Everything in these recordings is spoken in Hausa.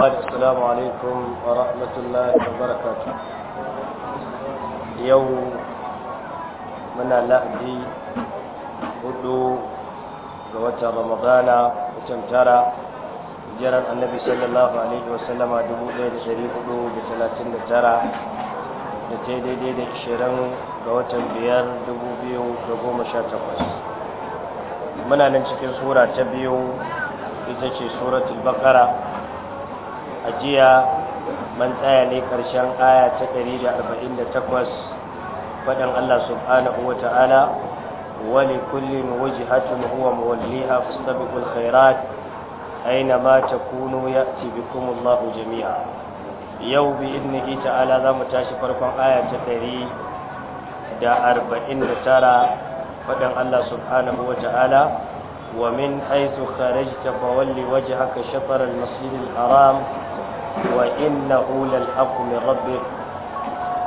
قال السلام عليكم ورحمة الله وبركاته يوم من لأدي هدو قوات رمضان وتمترى جرى النبي صلى الله عليه وسلم دبو ليل شريف هدو بثلاثين ترى لتيدي دي دي شرم قوات بيار دبو بيو دبو مشاتفس من أنا نشكي صورة تبيو ita ce suratul baqara ajiya man tsaya ne karshen aya ta 148 faɗin Allah subhanahu wa ta'ala wali kullin wajhatun huwa muwalliha fastabiqul khairat aina ma takunu ya'ti bikum Allahu jami'a yau bi idnihi ta'ala za mu tashi farkon aya ta 149 faɗin Allah subhanahu wa ta'ala ومن حيث خرجت فول وجهك شطر المسجد الحرام وإنه للحق من ربك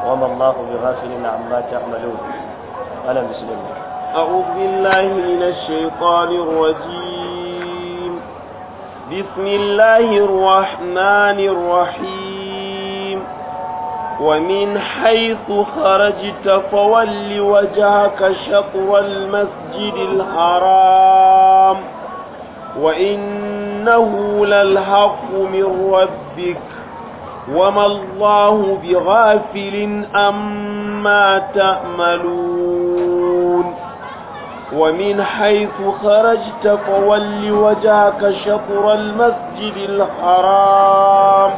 وما الله بغافل عما تعملون أنا بسم الله أعوذ بالله من الشيطان الرجيم بسم الله الرحمن الرحيم ومن حيث خرجت فول وجهك شطر المسجد الحرام وإن إنه للحق من ربك وما الله بغافل أما تأملون ومن حيث خرجت فول وجهك شطر المسجد الحرام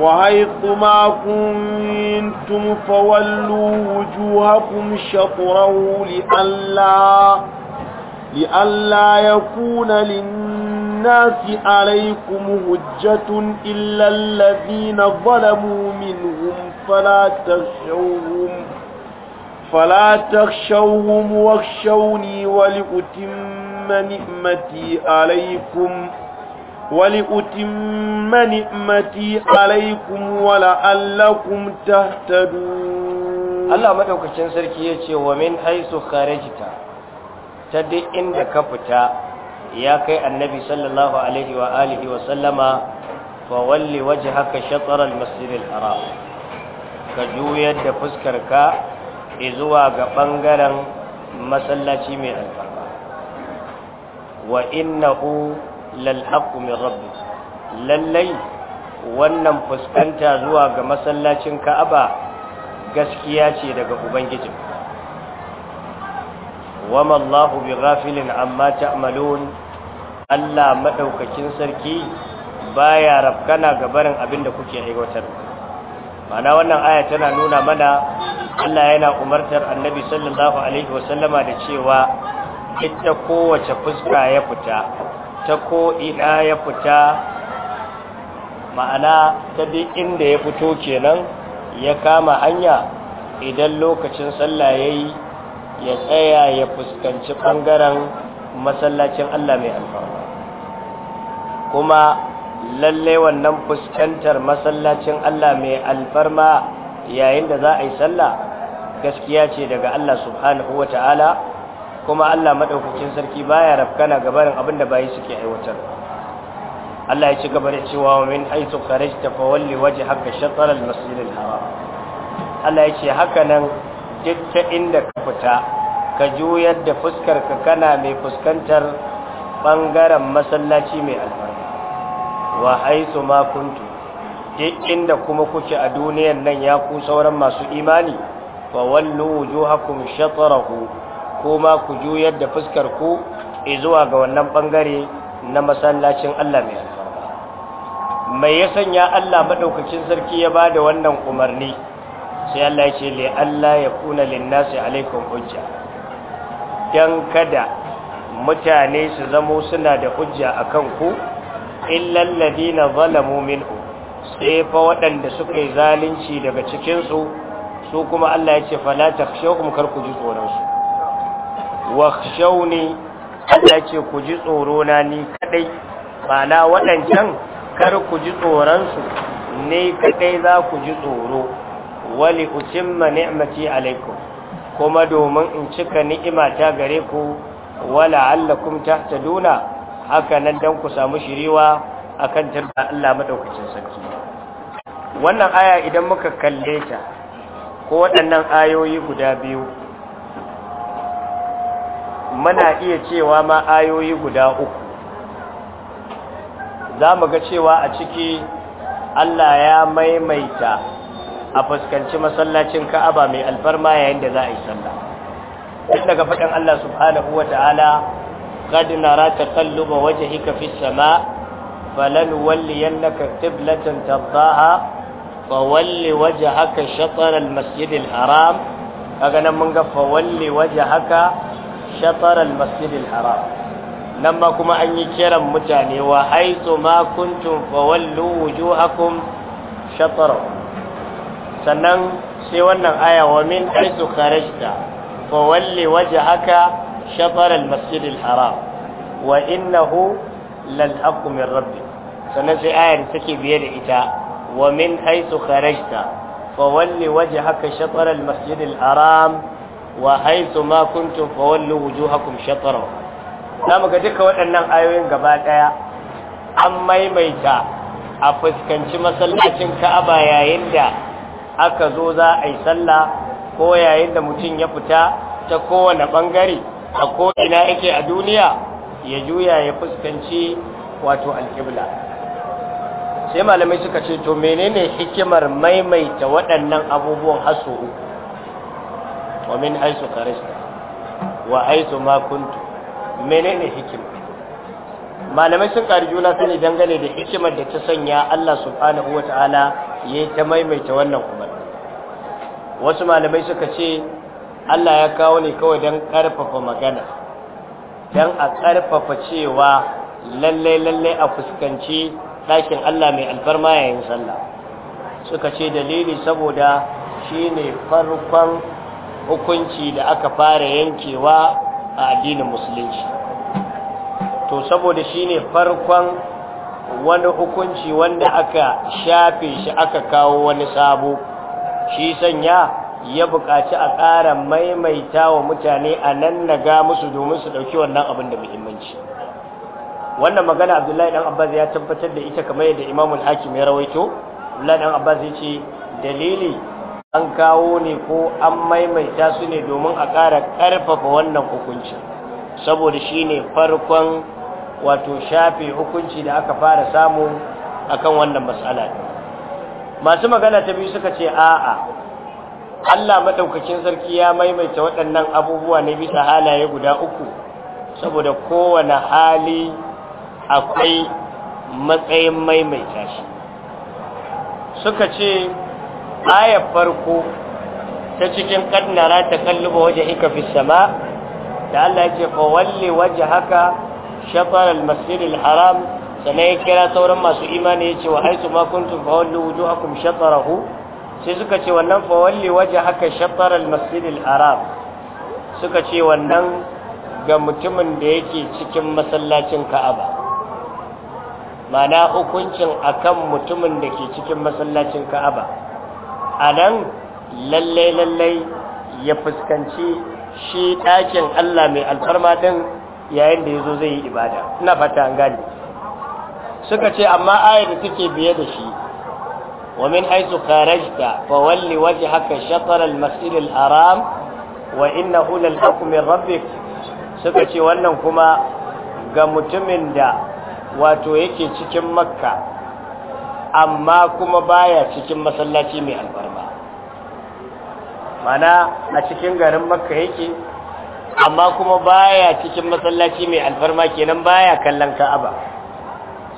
وحيث ما كنتم فولوا وجوهكم شطره لئلا لئلا يكون للناس الناس عليكم هجة إلا الذين ظلموا منهم فلا تخشوهم فلا تخشوهم واخشوني ولأتم نعمتي عليكم ولأتم نعمتي عليكم ولعلكم تهتدون الله مدوكacin sarki yace wa min haythu kharajta ta duk inda ka fita ya kai annabi sallallahu alaihi wa alihi wa sallama fa walli wajhaka shatr al-masjid al-haram ka juyar da fuskarka zuwa ga bangaren masallaci mai alfarma wa innahu lal haqqu min rabbi lallai wannan fuskanta zuwa ga masallacin ka'aba gaskiya ce daga ubangijinka wama Allahu bi ghafilin amma ta'malun Allah madaukakin sarki baya rafkana ga barin abin da kuke aiwatar mana wannan aya tana nuna mana Allah yana umartar Annabi sallallahu alaihi wasallama da cewa ita kowace fuska ya fita ta ko ina ya fita ma'ana ta duk inda ya fito kenan ya kama hanya idan lokacin sallah yayi ya tsaya ya fuskanci ɓangaren masallacin Allah mai alfarma kuma lalle wannan fuskantar masallacin Allah mai alfarma yayin da za a yi sallah gaskiya ce daga Allah subhanahu wa ta'ala kuma Allah maɗaukakin sarki baya rafkana gabarin abin da bayi suke aiwatar Allah ya ci gaba da cewa min aitu kharajta fawalli wajhaka shatr al-masjid al-haram Allah ya ce haka nan duk ta inda ka fita ka juyar da fuskarka kana mai fuskantar ɓangaren masallaci mai albarka wa haisu ma kuntu duk inda kuma kuke a duniyan nan ya ku sauran masu imani fa wallu wujuhakum shatrahu kuma ku juyar da fuskar ku zuwa ga wannan bangare na masallacin Allah mai albarka mai ya sanya Allah madaukakin sarki ya bada wannan umarni sai Allah ya ce le Allah ya kuna linnasi alaikum hujja dan kada mutane su zamo suna da hujja akan ku illa na zalamu minhu sai fa waɗanda suka yi zalunci daga cikin su su kuma Allah ya ce fala takhshawkum kar ku ji tsoron su wakhshawni Allah ya ce ku ji tsoro na ni kadai na waɗancan kar ku ji tsoron su ne kadai za ku ji tsoro wali utimma ni'mati alaikum kuma domin in cika ni'imata gare ku wala allakum tahtaduna haka nan dan ku samu shiriwa akan tarda Allah madaukakin sarki wannan aya idan muka kalle ta ko waɗannan ayoyi guda biyu muna iya cewa ma ayoyi guda uku za mu ga cewa a ciki Allah ya maimaita a fuskanci masallacin ka'aba mai alfarma yayin da za a yi sallah Duk daga faɗin Allah subhanahu wa ta'ala qad nara taqalluba wajhika fis sama falanuwalliyannaka qiblatan tardaha fawalli wajhaka shatr al masjid al haram kaga nan mun ga fawalli wajhaka shatr al masjid al haram nan ma kuma an yi kiran mutane wa aitu ma kuntum fawallu wujuhakum shatrahu sannan sai wannan aya wa min aisu kharajta fa walli wajhaka shatar al-masjid al-haram wa innahu lal haqqu min rabbik sannan sai aya da take biye da ita wa min aisu kharajta fa walli wajhaka shatar al-masjid al-haram wa haythu ma kuntum fa wallu wujuhakum shatrahu zamu ga duka waɗannan ayoyin gaba daya an maimaita a fuskanci masallacin Ka'aba yayin da aka zo za a yi sallah ko yayin da mutum ya fita ta kowane bangare a ko'ina yake a duniya ya juya ya fuskanci wato alƙibla sai malamai suka ce to menene hikimar maimaita waɗannan abubuwan haso wa min haisu karista wa haisu makuntu menene hikima malamai sun ƙari juna sani dangane da hikimar da ta sanya Allah subhanahu wa ta'ala ya yi ta maimaita wannan umarni wasu malamai suka ce Allah ya kawo ne kawai don ƙarfafa magana don a ƙarfafa cewa lallai lallai a fuskanci ɗakin Allah mai alfarma yayin sallah suka ce dalili saboda shine farkon hukunci da aka fara yankewa a addinin musulunci to saboda shine farkon wani hukunci wanda aka shafe shi aka kawo wani sabo shi sanya ya buƙaci a ƙara maimaita wa mutane a nan na ga musu domin su ɗauki wannan abin da muhimmanci wannan magana abdullahi ɗan abbas ya tabbatar da ita kamar yadda imamul hakim ya rawaito abdullahi ɗan abbas ya ce dalili an kawo ne ko an maimaita su ne domin a ƙara ƙarfafa wannan hukunci saboda shi ne farkon wato shafe hukunci da aka fara samu akan wannan matsala masu magana ta biyu suka ce a'a Allah madaukakin sarki ya maimaita waɗannan abubuwa ne bisa halaye guda uku saboda kowane hali akwai matsayin maimaita shi suka ce aya farko ta cikin ƙannara ta kalluba waje hika fi sama da Allah ya ce fa walli waje haka Shafarar al-masjid haram sannan kira sauran masu imani ya ce wa haitu ma kuntum fa wallu wujuhakum shatarahu sai suka ce wannan fa walli wajhaka shatar al-masjid haram suka ce wannan ga mutumin da yake cikin masallacin Ka'aba mana hukuncin akan mutumin da ke cikin masallacin Ka'aba a nan lalle lalle ya fuskanci shi ɗakin Allah mai alfarma din yayin da ya zo zai yi ibada ina fata an gane suka ce amma ayar da take biye da shi wa min haythu kharajta fa walli wajhaka shatr al masjid al haram wa innahu lal haqq min rabbik suka ce wannan kuma ga mutumin da wato yake cikin makka amma kuma baya cikin masallaci mai albarka mana a cikin garin makka yake amma kuma baya cikin masallaci mai alfarma kenan baya kallon ka'aba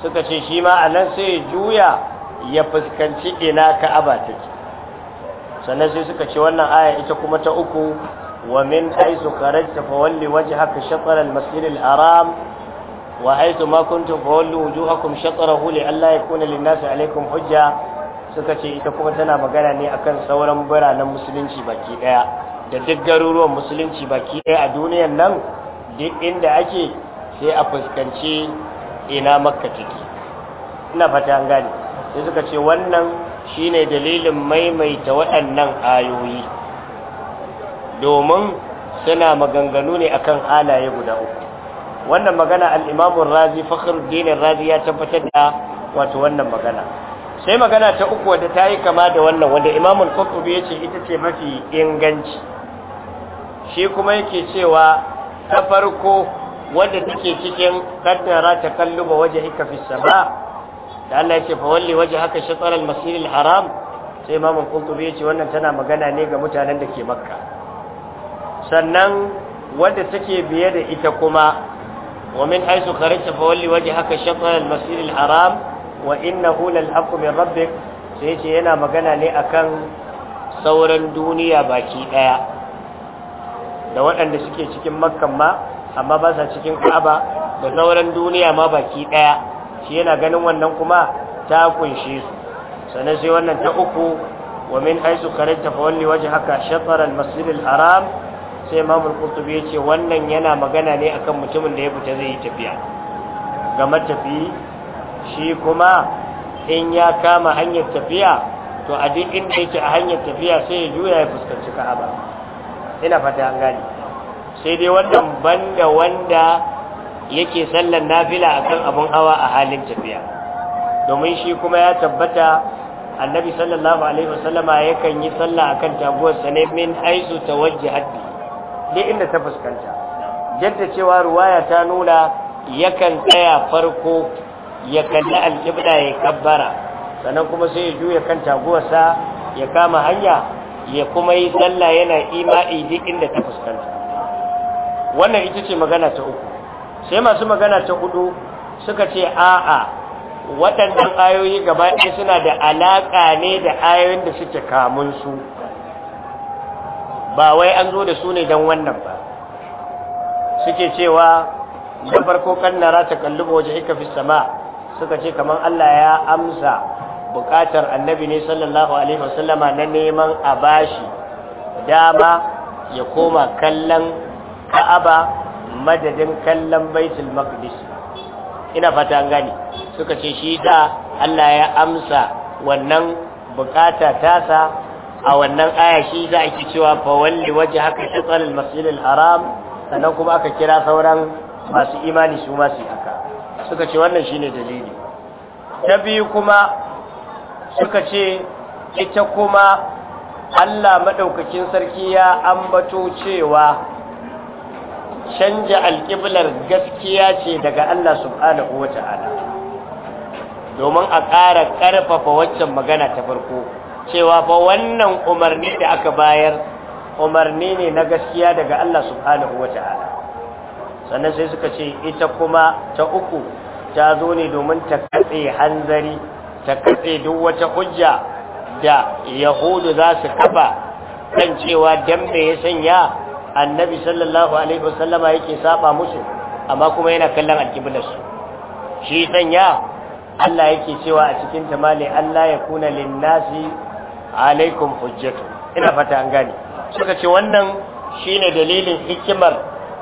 suka ce shi ma a nan sai ya juya ya fuskanci ina ka'aba take sannan sai suka ce wannan aya ita kuma ta uku wa min aisu kharajta fa walli wajhaka shatr al-masjid al-haram wa aitu ma kuntum fa wujuhakum shatrahu li alla yakuna lin-nasi alaykum hujja suka ce ita kuma tana magana ne akan sauran biranen musulunci baki daya da duk garuruwan musulunci baki ɗaya a duniyan nan duk inda ake sai a fuskanci ina makka take ina fata an gane sai suka ce wannan shine dalilin maimaita waɗannan ayoyi domin suna maganganu ne akan halaye guda uku wannan magana al'imamun razi fakhruddin razi ya tabbatar da wato wannan magana sai magana ta uku wadda ta yi kama da wannan wanda imamun kwakwabi ya ce ita ce mafi inganci shi kuma yake cewa ta farko wadda take cikin kaddara ta kallu ba waje hika fi sama da Allah yake fa walli waje haka shatar al-masir al-haram sai imam qurtubi yace wannan tana magana ne ga mutanen da ke makka sannan wadda take biye da ita kuma wa min haythu kharajta fa walli waje haka shatar al-masir al-haram wa innahu lal-haqqu min rabbik sai yace yana magana ne akan sauran duniya baki daya da waɗanda suke cikin makkan ma amma ba sa cikin ka'aba da sauran duniya ma baki ɗaya shi yana ganin wannan kuma ta kunshe su sannan sai wannan ta uku wa min haisu karanta fa walli waje haka Shafarar al-masjid sai imam al ya yace wannan yana magana ne akan mutumin da ya fita zai yi tafiya ga matafi shi kuma in ya kama hanyar tafiya to a duk inda yake a hanyar tafiya sai ya juya ya fuskanci ka'aba ina fata an sai dai wannan banda wanda yake sallan nafila akan abun hawa a halin tafiya domin shi kuma ya tabbata annabi sallallahu alaihi wasallama yakan yi sallah akan taguwar sa ne min aizu tawajjihat bi dai inda ta fuskanta jadda cewa ruwaya ta nuna yakan tsaya farko ya kalli alƙibla ya kabbara sannan kuma sai ya juya kan taguwarsa ya kama hanya ya kuma yi sallah yana ima'i duk inda ta fuskanta wannan ita ce magana ta uku sai masu magana ta hudu suka ce a'a waɗannan ayoyi gaba ɗaya suna da alaƙa ne da ayoyin da suke kamun su ba wai an zo da su ne don wannan ba suke cewa na farko kan nara ta kalluba waje ika fi sama suka ce kamar Allah ya amsa bukatar annabi ne sallallahu alaihi wasallama na neman a bashi dama ya koma kallon ka'aba madadin kallon baitul maqdis ina fata an gani suka ce shi da Allah ya amsa wannan bukata tasa a wannan aya shi za a ki cewa fawalli waje haka shatsar masjid al-haram sannan kuma aka kira sauran masu imani su masu haka suka ce wannan shine dalili ta biyu kuma suka ce ita kuma Allah maɗaukakin sarki ya ambato cewa canja alƙiblar gaskiya ce daga Allah subhanahu wa domin a ƙara ƙarfafa waccan magana ta farko cewa fa wannan umarni da aka bayar umarni ne na gaskiya daga Allah subhanahu wa sannan sai suka ce ita kuma ta uku ta zo ne domin ta katse hanzari ta katse duk wata hujja da yahudu za su kafa kan cewa Dambe ya sanya annabi sallallahu alaihi wasallama yake saba musu amma kuma yana kallon alkiblarsu shi sanya Allah yake cewa a cikin tamale Allah ya kuna linnasi alaikum hujjatu ina fata an gane suka ce wannan shine dalilin hikimar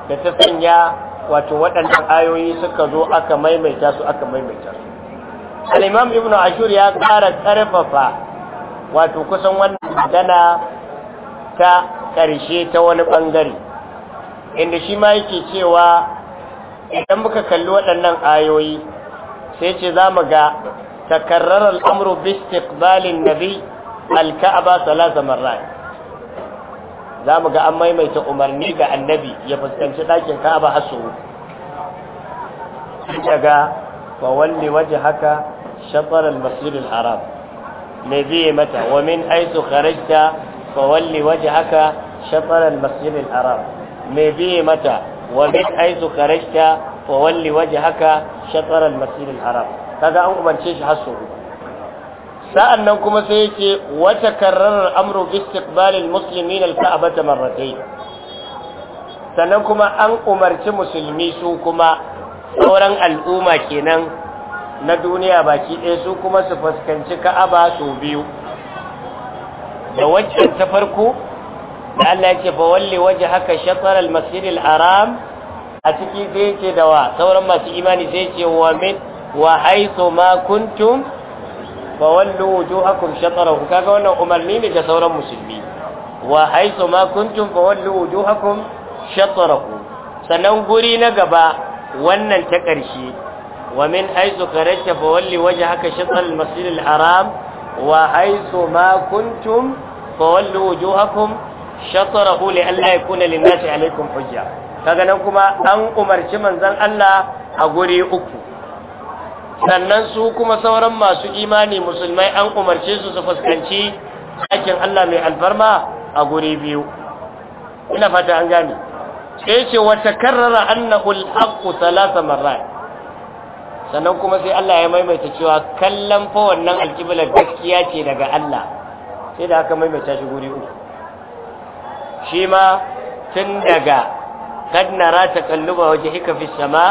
da ta sanya wato waɗannan ayoyi suka zo aka maimaita su aka maimaita su al-imam ibnu ashur ya ƙara ƙarfafa wato kusan wannan magana ta ƙarshe ta wani ɓangare inda shi ma yake cewa idan muka kalli waɗannan ayoyi sai ce za mu ga takarrar al'amuru bistik balin nabi bi alka'aba salasa za mu ga an maimaita umarni ga annabi ya fuskanci ɗakin ka'aba su daga فول وجهك شطر المسجد الحرام لذيمة ومن حيث خرجت فول وجهك شطر المسجد الحرام لذيمة ومن حيث خرجت فول وجهك شطر المسجد الحرام هذا أمر من شيش حسه sa'annan kuma sai yake wata karrarar amru bi istiqbalil muslimin al-ka'bata marratayn sannan kuma an umarci musulmi su kuma sauran al'umma kenan na duniya baki ɗaya su kuma su fuskanci ka'aba su biyu da waccan ta farko da Allah ya ce fa walli waje haka shatar al-masjid al a ciki zai ce da wa sauran masu imani zai ce wa min wa haiso ma kuntum fa wallu wujuhakum shatarahu kaga wannan umarni ne ga sauran musulmi wa haiso ma kuntum fa hakun wujuhakum ku. sannan guri na gaba wannan ta ƙarshe wa min aizu kharajta fa walli waje haka Shatsar masjid al-haram wa aizu ma kuntum fa wallu wujuhakum shatrahu li alla yakuna lin-nasi alaykum hujja kaga nan kuma an umarci manzan Allah a guri uku sannan su kuma sauran masu imani musulmai an umarce su su fuskanci aikin Allah mai alfarma a guri biyu ina fata an gane sai ce wa takarrara annahu al-haqqu thalatha marrat sannan kuma sai Allah ya maimaita cewa kallan fa wannan alqibla gaskiya ce daga Allah sai da aka maimaita shi guri uku shi ma tun daga kad nara taqalluba wajhika fis sama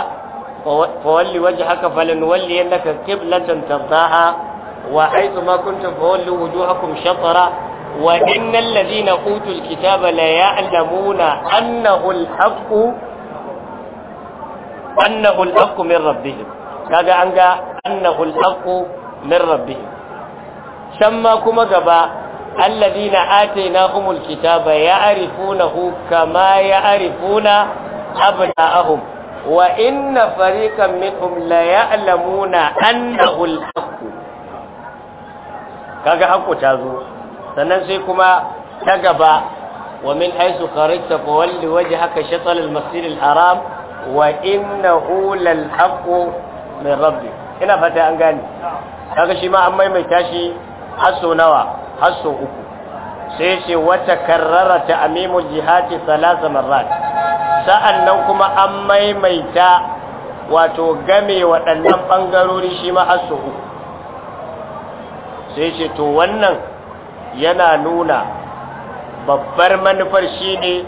fa walli wajhaka falanwalliyannaka qiblatan tardaha wa haythu ma kuntum fawallu wujuhakum shatara wa kaga an ga annahu haqqu min rabbihim shamma kuma gaba الذين آتيناهم الكتاب يعرفونه كما يعرفون أبناءهم وإن فريقا منهم ليعلمون أنه الحق sannan sai kuma ta gaba wa min haisu kharajta fa walli wajhaka shatr al-masjid al-haram wa innahu lal-haqq min rabbi ina fata an gane kaga shi ma an maimaita shi hasso nawa hasso uku sai ce wata karrara ta amimul jihati salasa marrat sa'annan kuma an maimaita wato game waɗannan ɓangarori shi ma hasso uku sai ce to wannan yana nuna babbar manufar ne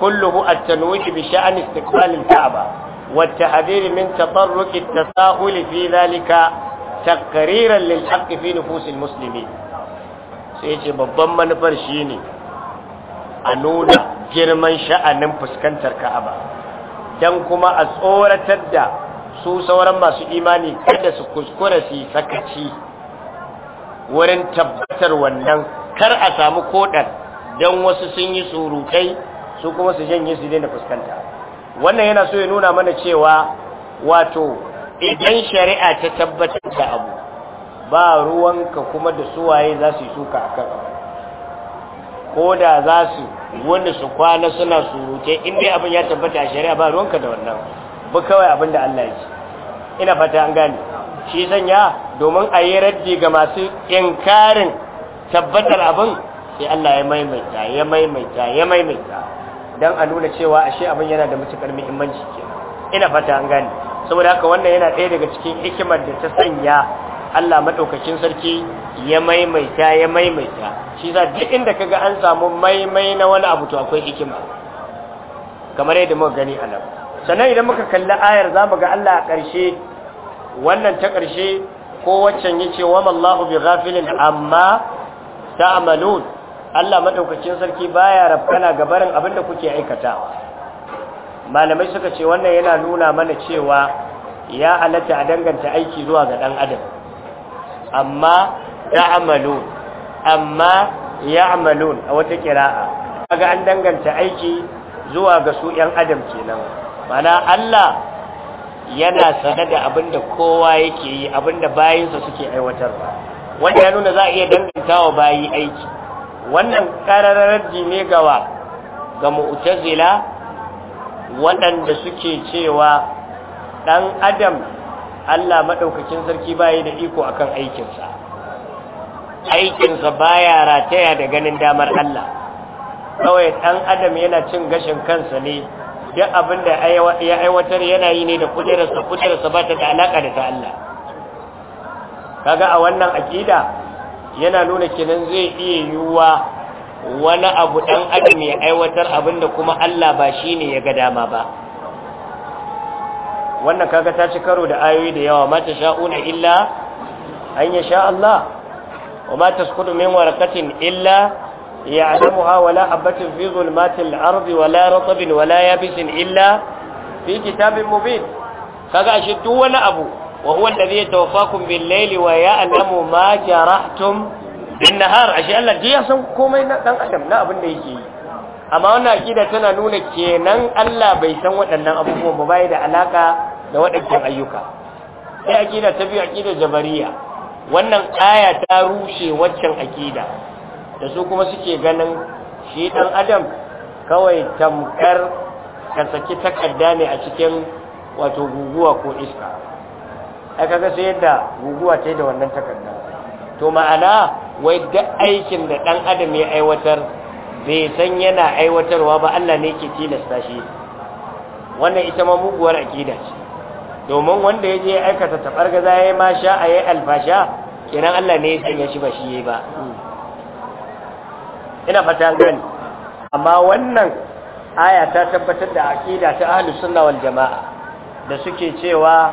kulluhu a tanwih bi sha'an istiqbal al-Ka'ba والتحذير من تطرق التساهل في ذلك تقريرا للحق في نفوس Sai ce babban manufar shine a nuna girman sha'anin fuskantar Ka'aba dan kuma a tsoratar da su sauran masu imani kada su kuskura su sakaci wurin tabbatar wannan kar a samu koɗan don wasu sun yi surutai su kuma su janye su daina fuskanta wannan yana so ya nuna mana cewa wato idan shari'a ta tabbatar da abu ba ruwanka kuma da suwaye za su yi suka a kan ko da za su wani su kwana suna surutai in dai abin ya tabbata a shari'a ba ruwanka da wannan ba kawai abin da Allah ya ce ina fata an gane shi sanya domin a yi raddi ga masu inkarin tabbatar abin sai Allah ya maimaita ya maimaita ya maimaita don a nuna cewa ashe abin yana da matukar muhimmanci ke ina fata an gane saboda haka wannan yana ɗaya daga cikin hikimar da ta sanya Allah maɗaukakin sarki ya maimaita ya maimaita shi za duk inda kaga an samu maimai na wani abu to akwai hikima kamar yadda muka gani a sannan idan muka kalli ayar za mu ga Allah a ƙarshe wannan ta ƙarshe ko waccan ce wa mallahu bi ghafilin amma ta'malun Allah madaukakin sarki baya rafkana ga barin abin da kuke aikata. malamai suka ce wannan yana nuna mana cewa ya halatta a danganta aiki zuwa ga dan adam amma ta'malun amma ya'malun a wata kira'a kaga an danganta aiki zuwa ga su yan adam kenan mana Allah yana sane da abin da kowa yake yi abin da bayinsa suke aiwatarwa wanda ya nuna za a iya danganta wa bayi aiki wannan ƙararrar ne gawa ga mu'tazila waɗanda suke cewa ɗan adam Allah maɗaukakin sarki bayi da iko akan aikinsa aikinsa baya rataya da ganin damar Allah kawai ɗan adam yana cin gashin kansa ne duk abin da ya aiwatar yana yi ne da kujerarsa kujerarsa ba ta da alaka da ta Allah kaga a wannan akida yana nuna kenan zai iya yiwuwa wani abu dan adam ya aiwatar abin da kuma Allah ba shi ne ya ga dama ba wannan kaga ta ci karo da ayoyi da yawa mata sha'una illa an yasha Allah wa ma tasqutu min illa يعلمها ولا حبة في ظلمات الأرض ولا رطب ولا يابس إلا في كتاب مبين فقاشد ولا أبو وهو الذي يتوفاكم بالليل ويعلم ما جرحتم بالنهار عشان الله دي يسن كومي دان لا abin da yake amma wannan akida tana nuna kenan Allah bai san waɗannan abubuwan ba bai da alaka da waɗannan ayyuka sai akida ta biyu akida jabariya wannan aya ta rushe waccan aƙida. da su kuma suke ganin shi ɗan adam kawai tamkar ka saki takarda ne a cikin wato guguwa ko iska aka ga sai yadda guguwa ta yi da wannan takarda to ma'ana wai da aikin da ɗan adam ya aiwatar bai san yana aiwatarwa ba Allah ne ke tilasta shi wannan ita ma muguwar akida ce domin wanda ya je aikata tabargaza ya yi ma sha a yi alfasha kenan Allah ne ya sanya shi ba shi yi ba ina fata gani amma wannan aya ta tabbatar da aqida ta ahlus sunna wal jamaa da suke cewa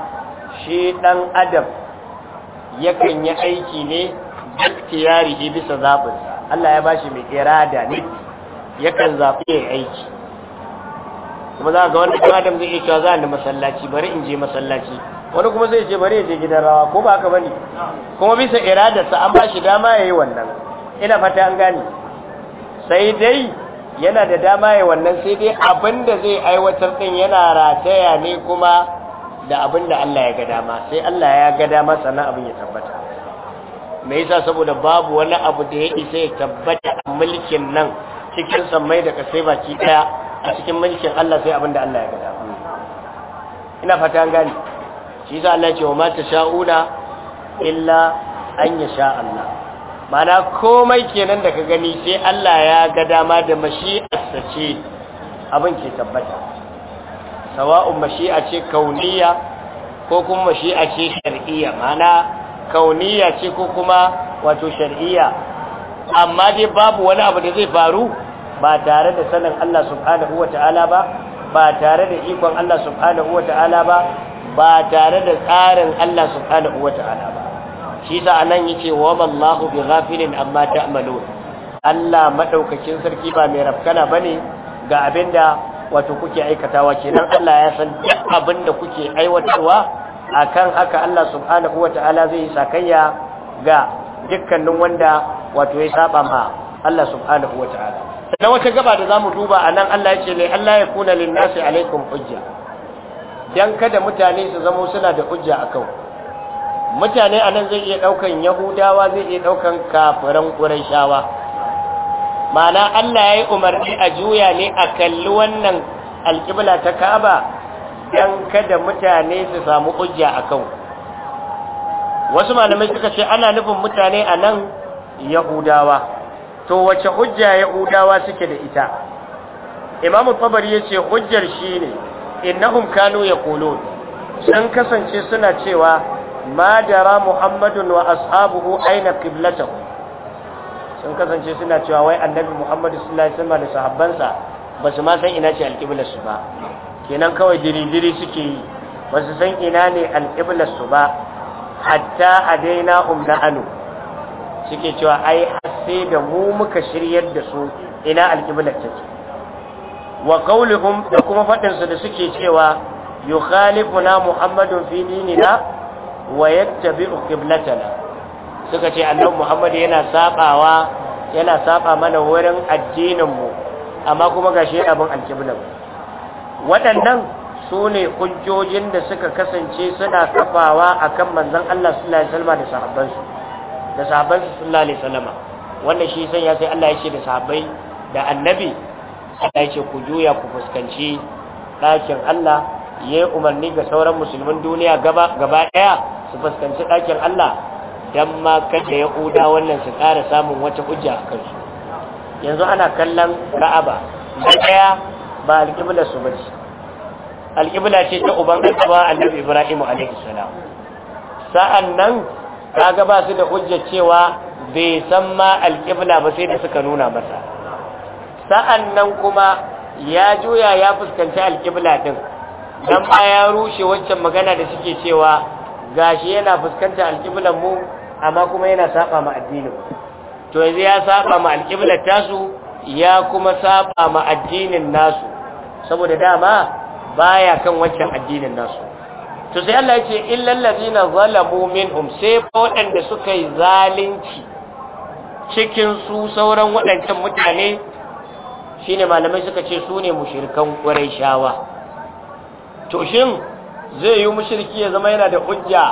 shi dan adam yakan yi aiki ne ji bisa zabin Allah ya bashi mai irada ne yakan zabi yayi aiki kuma za ga wani adam zai iya za ni masallaci bari in je masallaci wani kuma zai ce bari ya je gidan rawa ko ba haka bane kuma bisa iradarsa an bashi dama yayi wannan ina fata an gane sai dai yana da dama ya wannan sai dai abin da zai aiwatar din yana rataya ne kuma da abin da Allah ya ga dama sai Allah ya ga dama sannan abin ya tabbata me yasa saboda babu wani abu da ya isa ya tabbata a mulkin nan cikin sammai da kasai baki daya a cikin mulkin Allah sai abin da Allah ya ga dama ina fata an gani shi yasa Allah ya ce wa ma tasha'una illa an yasha Allah mana komai kenan da ka gani sai Allah ya ga dama da mashi'arsa ce abin ke tabbata sawa'un mashi'a ce kauniya ko kuma mashi'a ce shar'iyya mana kauniya ce ko kuma wato shar'iyya amma dai babu wani abu da zai faru ba tare da sanin Allah subhanahu wata'ala ba ba tare da ikon Allah subhanahu wata'ala ba ba tare da tsarin Allah subhanahu wata'ala ba shi sa anan yace wa wallahu bi ghafilin amma ta'malun Allah madaukakin sarki ba mai rafkana bane ga abinda wato kuke aikatawa kenan Allah ya san abinda kuke aiwatarwa akan haka Allah subhanahu wataala zai sakayya ga dukkanin wanda wato ya saba ma Allah subhanahu wataala dan wata gaba da zamu duba anan Allah yake ne Allah ya kuna lin nasi alaikum hujja dan kada mutane su zama suna da hujja akan ku mutane a nan zai iya ɗaukan yahudawa zai iya ɗaukan kafiran ƙurashawa ma'ana allah ya yi umarni a juya ne a kalli wannan alƙibla ta ka'aba don kada mutane su samu hujja a kan wasu malamai suka ce ana nufin mutane a nan yahudawa to wace hujja yahudawa suke da ita imamu tabari ya ce hujjar shi ne innahum kanu ya kolo sun kasance suna cewa ما جرى محمد wa اين aina sun kasance suna cewa wai annabi muhammadu sallallahu alaihi wasallam da sahabbansa ba su ma san ina ce alqiblar su ba kenan kawai diri-diri suke yi ba su san ina ne alqiblar su ba hatta a daina umna anu suke cewa ai sai da mu muka shiryar da su ina ta ce wa qauluhum da kuma fadin su da suke cewa yukhalifuna muhammadun fi dinina wa yattabi'u qiblatana suka ce annabi Muhammad yana sabawa yana saba mana wurin addinin mu amma kuma gashi abin alqiblan waɗannan sune hujjojin da suka kasance suna kafawa akan manzon Allah sallallahu alaihi wasallam da sahabbansu da sahabbansu sallallahu alaihi wasallam wannan shi san ya sai Allah ya ce da sahabbai da annabi Allah ya ce ku juya ku fuskanci ɗakin Allah ya yi umarni ga sauran musulmin duniya gaba ɗaya su fuskanci ɗakin Allah don ma kada ya ƙuda wannan su ƙara samun wata hujja a kansu yanzu ana kallon ka'aba da ɗaya ba alƙibla su bace alƙibla ce ta uban ƙasa annabi ibrahim alaihi salam sa'an nan kaga ba su da hujja cewa bai san ma alƙibla ba sai da suka nuna masa sa'an nan kuma ya juya ya fuskanci alƙibla din dan ma ya rushe wancan magana da suke cewa gashi yana fuskantar alƙiblar mu amma kuma yana saba ma addinin to yanzu ya saba ma alƙiblar tasu ya kuma saba ma addinin nasu saboda dama baya kan wancan addinin nasu to sai Allah yake illal ladina zalamu minhum sai waɗanda suka yi zalunci cikin su sauran waɗancan mutane shine malamai suka ce su ne mushrikan Qurayshawa to shin zai yi mushirki ya zama yana da hujja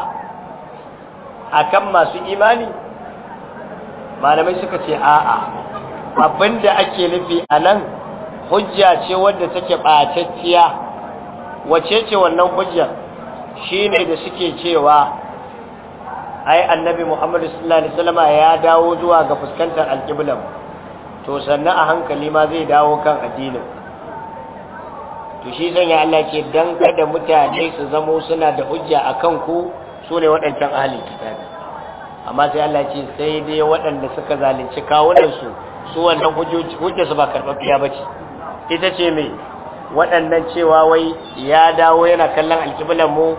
a kan masu imani malamai suka ce a'a da ake nufi a nan hujja ce wadda take ɓatacciya wace ce wannan hujjar shi ne da suke cewa ai annabi muhammadu sallallahu alaihi wasallam ya dawo zuwa ga fuskantar alƙiblan to sannan a hankali ma zai dawo kan addinin to shi sanya Allah ce dan kada mutane su zamo suna da hujja akan ku su ne waɗancan ahalin kitabi amma sai Allah ce sai dai waɗanda suka zalunci kawunansu su wannan hujja su ba karɓaɓɓiya ba ce ita ce mai waɗannan cewa wai ya dawo yana kallon alƙiblan mu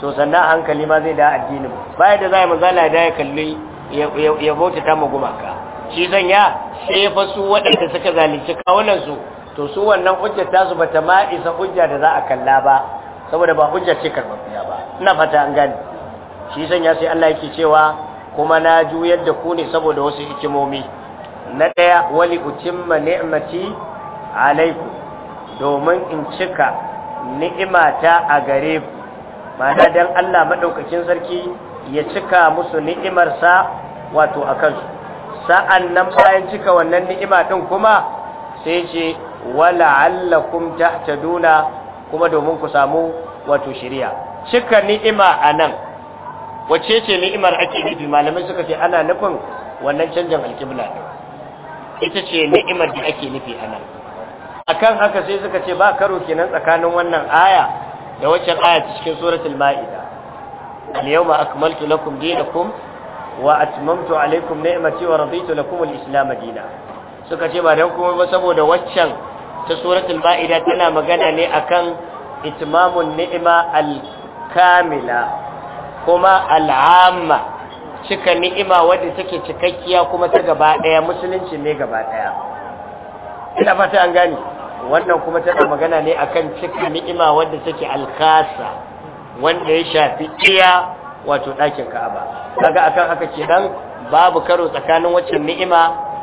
to sannan hankali ma zai da addinin mu baya da mu manzala da ya kalli ya bauta ta mu gumaka shi zan ya sai fa su waɗanda suka zalunci kawunan su to su wannan hujjar tasu bata ma isa hujja da za a kalla ba saboda ba hujjar ce karbabiya ba ina fata an gane shi sanya sai Allah yake cewa kuma na juyar da ku ne saboda wasu hikimomi na daya wali utimma ni'mati alaikum domin in cika ni'imata a gare ku ma'ana dan Allah madaukakin sarki ya cika musu ni'imarsa wato akan su sa'an nan bayan cika wannan ni'ima din kuma sai ce wala'allakum tahtaduna kuma domin ku samu wato shiriya cika ni'ima anan wace ce ni'imar ake nufi malamai suka ce ana nufin wannan canjin alkibla ita ce ni'imar da ake nufi anan akan haka sai suka ce ba karo kenan tsakanin wannan aya da waccan aya cikin suratul ma'ida al-yawma akmaltu lakum dinakum wa atmamtu alaikum ni'mati wa raditu lakum al-islam dinan suka ce ba dan kuma ba saboda waccan ta suratul ma'ida tana magana ne akan itmamun ni'ima al-kamila kuma al'amma cika ni'ima wadda take cikakkiya kuma ta gaba daya musulunci ne gaba daya ina fata an gani wannan kuma tana magana ne akan cika ni'ima wadda take alkasa wanda ya shafi iya wato ɗakin ka'aba kaga akan haka dan babu karo tsakanin waccan ni'ima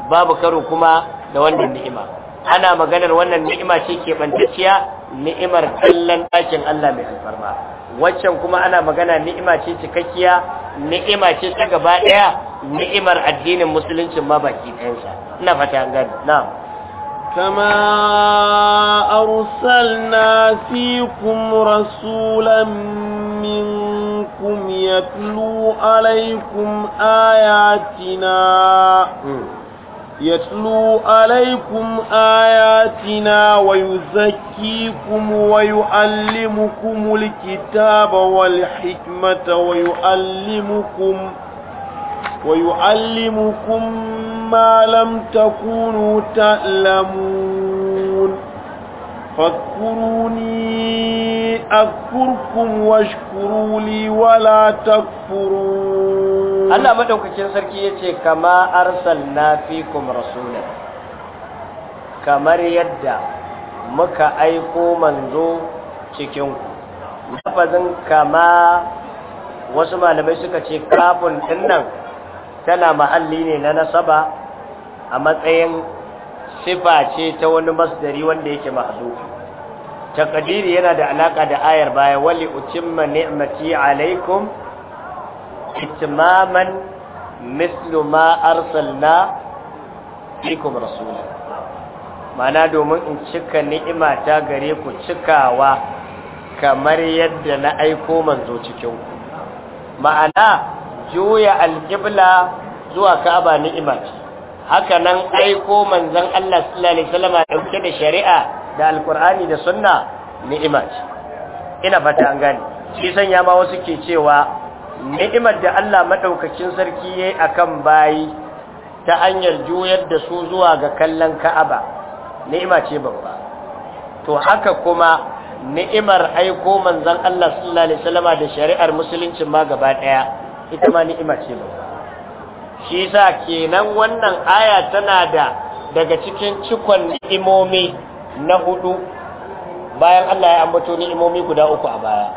babu karo kuma da wannan ni'ima ana maganar wannan ni'ima ce ke bantacciya ni'imar kallon ɗakin Allah mai alfarma waccan kuma ana magana ni'ima ce cikakkiya ni'ima ce ta gaba ɗaya ni'imar addinin musulunci ma baki ɗayansa ina fata an gani na'am كما أرسلنا فيكم رسولا منكم يتلو عليكم آياتنا م. يتلو عليكم آياتنا ويزكيكم ويعلمكم الكتاب والحكمة ويعلمكم ويعلمكم ما لم تكونوا تعلمون فاذكروني أذكركم واشكروا لي ولا تكفرون Allah maɗaukakin sarki yace kama arsalna fikum rasulan kamar yadda muka aiko manzo cikin kama wasu malamai suka ce kafin dinnan tana mahalli ne na nasaba a matsayin sifa ce ta wani masdari wanda yake mahzufi taqdiri yana da alaka da ayar baya wali utimma ni'mati alaikum itimaman mislu ma arsalna fikum rasula domin in cika ni'ima ta gare ku cikawa kamar yadda na aiko manzo cikin ku ma'ana juya alƙibla zuwa ka'aba ni'ima ce haka nan aiko manzon Allah sallallahu alaihi wasallam dauke da shari'a da alqur'ani da sunna ni'ima ce ina fata an gane shi sanya ma wasu ke cewa ni'imar da Allah madaukakin sarki yayi akan bayi ta hanyar juyar da su zuwa ga kallon Ka'aba ni'ima ce babba to haka kuma ni'imar aiko manzon Allah sallallahu alaihi wasallama da shari'ar musulunci ma gaba daya ita ma ni'ima ce babba shi yasa kenan wannan aya tana da daga cikin cikon ni'imomi na hudu bayan Allah ya ambato ni'imomi guda uku a baya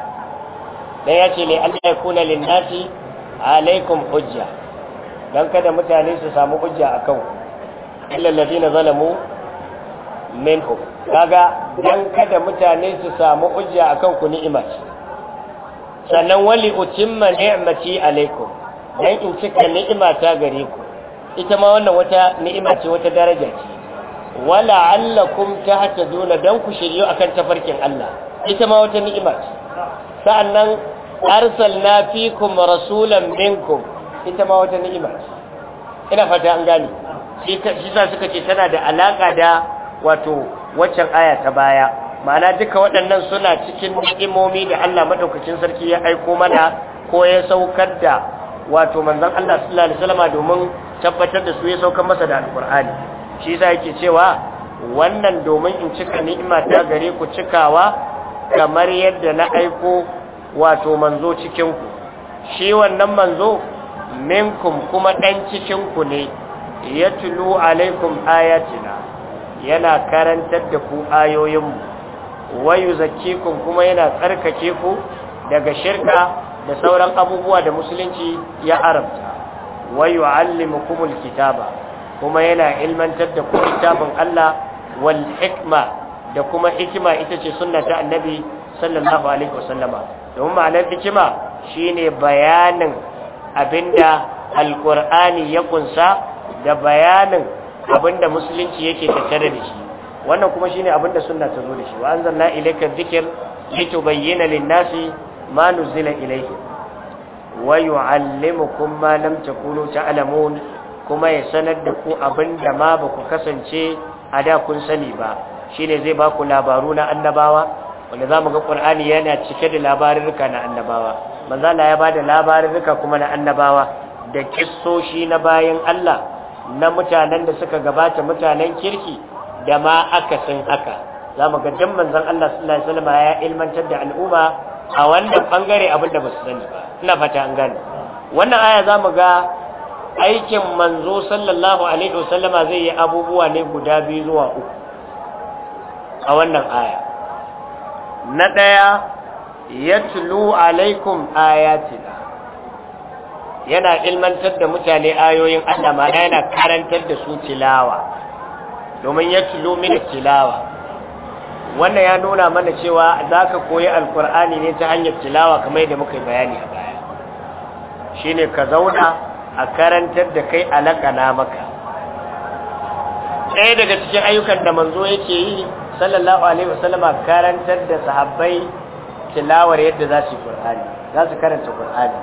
dan ya ce ne Allah ya kuna linnati alaikum hujja dan kada mutane su samu hujja a kan illa allazina zalamu minhum kaga dan kada mutane su samu hujja akan ku ni'ima sannan wali utimma ni'mati alaikum dan in cika ni'ima ta gare ku ita ma wannan wata ni'ima ce wata daraja ce wala allakum tahtaduna dan ku shiryu akan tafarkin Allah ita ma wata ni'ima ce sa'annan arsalna fikum rasulan minkum ita ma wata ni'ima ina fata an gane shi sa suka ce tana da alaka da wato waccan aya ta baya ma'ana duka waɗannan suna cikin ni'imomi da Allah madaukakin sarki ya aiko mana ko ya saukar da wato manzon Allah sallallahu alaihi wasallam domin tabbatar da su ya saukar masa da alqur'ani shi sa yake cewa wannan domin in cika ni'ima ta gare ku cikawa kamar yadda na aiko wato manzo cikinku shi wannan manzo minkum kuma ɗan cikinku ne ya tulu alaikum ayatina yana karantar da ku ayoyinmu wayu zakikun kuma yana tsarkake ku daga shirka da sauran abubuwa da musulunci ya arabta wayu allimukumul kitaba kuma yana ilmantar da ku littafin Allah wal hikma da kuma hikima ita ce sunna annabi sallallahu alaihi wasallama domin ma'anar hikima shine bayanin abinda alqur'ani ya kunsa da bayanin abinda musulunci yake tattare da shi wannan kuma shine abinda sunna ta zo da shi wa anzalna ilayka dhikr litubayyana lin-nasi ma nuzila ilayhi wa yu'allimukum ma lam takunu ta'lamun kuma ya sanar da ku abinda ma ba ku kasance a da kun sani ba shine zai ba ku labaru na annabawa wanda za mu ga ƙur'ani yana cike da labarurruka na annabawa manzala ya ba da labarurruka kuma na annabawa da kissoshi na bayan Allah na mutanen da suka gabata mutanen kirki da ma aka akasin haka za mu ga jan manzan Allah sallallahu alaihi wasallam ya ilmantar da al'umma a wannan bangare abin da ba su sani ba ina fata an gane wannan aya za mu ga aikin manzo sallallahu alaihi wasallama zai yi abubuwa ne guda biyu zuwa uku a wannan aya na ɗaya ya tulu, alaikum ayatina yana ilmantar da mutane ayoyin Allah ma yana karantar da su tilawa domin ya tulu min tilawa wannan ya nuna mana cewa zaka koyi alkur'ani ne ta hanyar tilawa kamar yadda muka bayani a baya shine ka zauna a karantar da kai alaka na maka ɗaya daga cikin ayyukan da manzo yake yi sallallahu alaihi wasallam karantar da sahabbai tilawar yadda za su yi Qur'ani za su karanta Qur'ani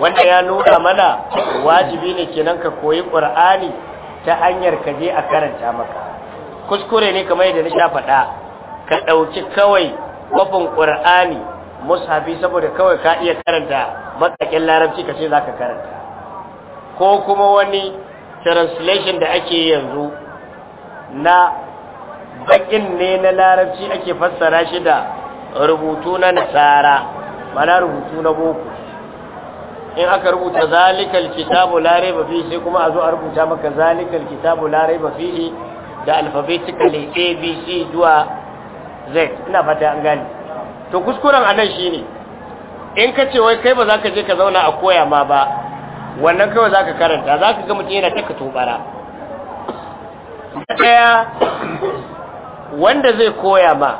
wanda ya nuna mana wajibi ne kenan ka koyi Qur'ani ta hanyar ka je a karanta maka kuskure ne kamar yadda na sha faɗa ka ɗauki kawai kwafin Qur'ani mushafi saboda kawai ka iya karanta matsakin larabci ka ce za ka karanta ko kuma wani translation da ake yanzu na baƙin ne na larabci ake fassara shi da rubutu na nasara mana rubutu na boko in aka rubuta zalikal kitabu la raiba sai kuma a zo a rubuta maka zalikal kitabu la da fihi da B, abc zuwa z ina fata an gane to kuskuren anan shine in ka ce wai kai ba za ka je ka zauna a koya ma ba wannan kawai za ka karanta za ka ga mutum yana taka tobara ɗaya wanda zai koya ma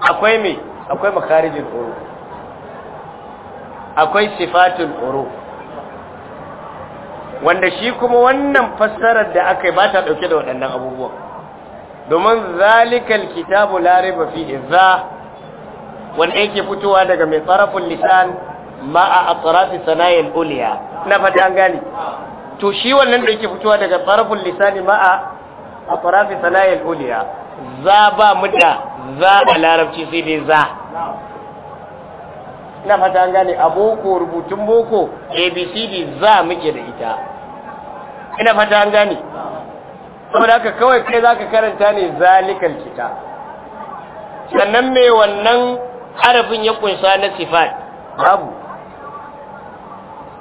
akwai me akwai makarijin uru akwai sifatun uru wanda shi kuma wannan fassarar da aka yi ba ta ɗauke da waɗannan abubuwa domin zalikal kitabu lariba fi izza wanda yake fitowa daga mai tsarafin lisan ma'a a tsarafi sana'il uliya na fata an gani to shi wannan da yake fitowa daga tsarafin lisan ma'a a tsarafi sana'il uliya za ba muda za a larabci sai dai za ina fata an gane a boko rubutun boko abcd za muke da ita ina fata an gane saboda haka kawai kai za ka karanta ne zalikal kita sannan mai wannan harafin ya kunsa na sifat babu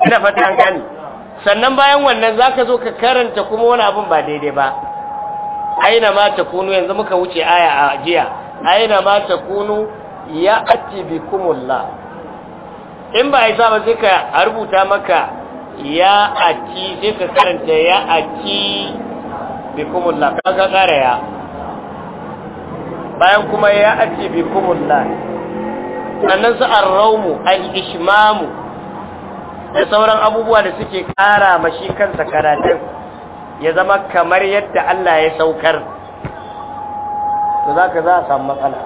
ina fata an gane sannan bayan wannan za ka zo ka karanta kuma wani abin ba daidai ba aina ma kunu yanzu muka wuce aya a jiya aina ma kunu ya ati bikumullah in ba ai ba sai ka rubuta maka ya ati sai ka karanta ya ati kumulla kaga kare ya bayan kuma ya ati kumulla sannan su arraumu al-ishmamu da sauran abubuwa da suke kara mashi kansa karatun ya zama kamar yadda Allah ya saukar to za ka za a samu matsala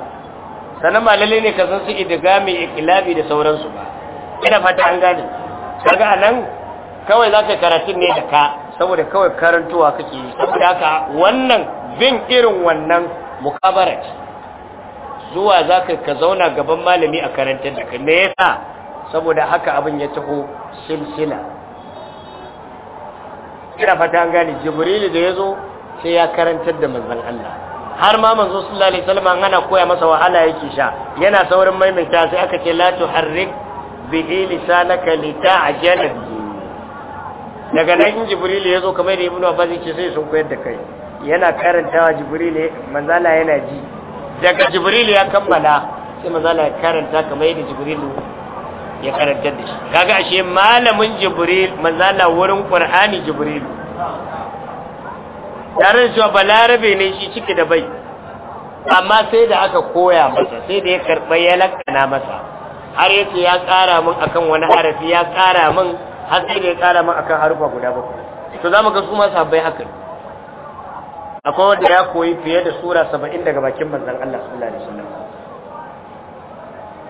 sannan malalle ne ka san su mai ikilabi da sauransu ba ina fata an gane kaga anan kawai za ka karatu ne da ka saboda kawai karantuwa kake yi saboda haka wannan bin irin wannan mukabara zuwa za ka ka zauna gaban malami a karantar da ka me yasa saboda haka abin ya taho silsila ina fata an gane jibrilu da yazo zo sai ya karantar da manzon Allah har ma manzo sallallahu alaihi wasallam an ana koya masa wahala yake sha yana saurin maimaita sai aka ce la tuharrik bihi lisanaka lita'jal bihi daga nan jibrilu ya zo kamar da ibnu abbas yake sai sun koyar da kai yana karantawa jibrilu Allah yana ji daga jibrilu ya kammala sai Allah ya karanta kamar yadda jibrilu ya karantar da shi kaga ashe malamin jibril manzala wurin qur'ani jibril tare da cewa balarabe ne shi ciki da bai amma sai da aka koya masa sai da ya karɓa ya lakana masa har yace ya ƙara min akan wani harafi ya ƙara min har sai da ya ƙara min akan harufa guda ba to zamu ga su ma sabbai haka akwai wanda ya koyi fiye da sura 70 daga bakin manzon Allah sallallahu alaihi wasallam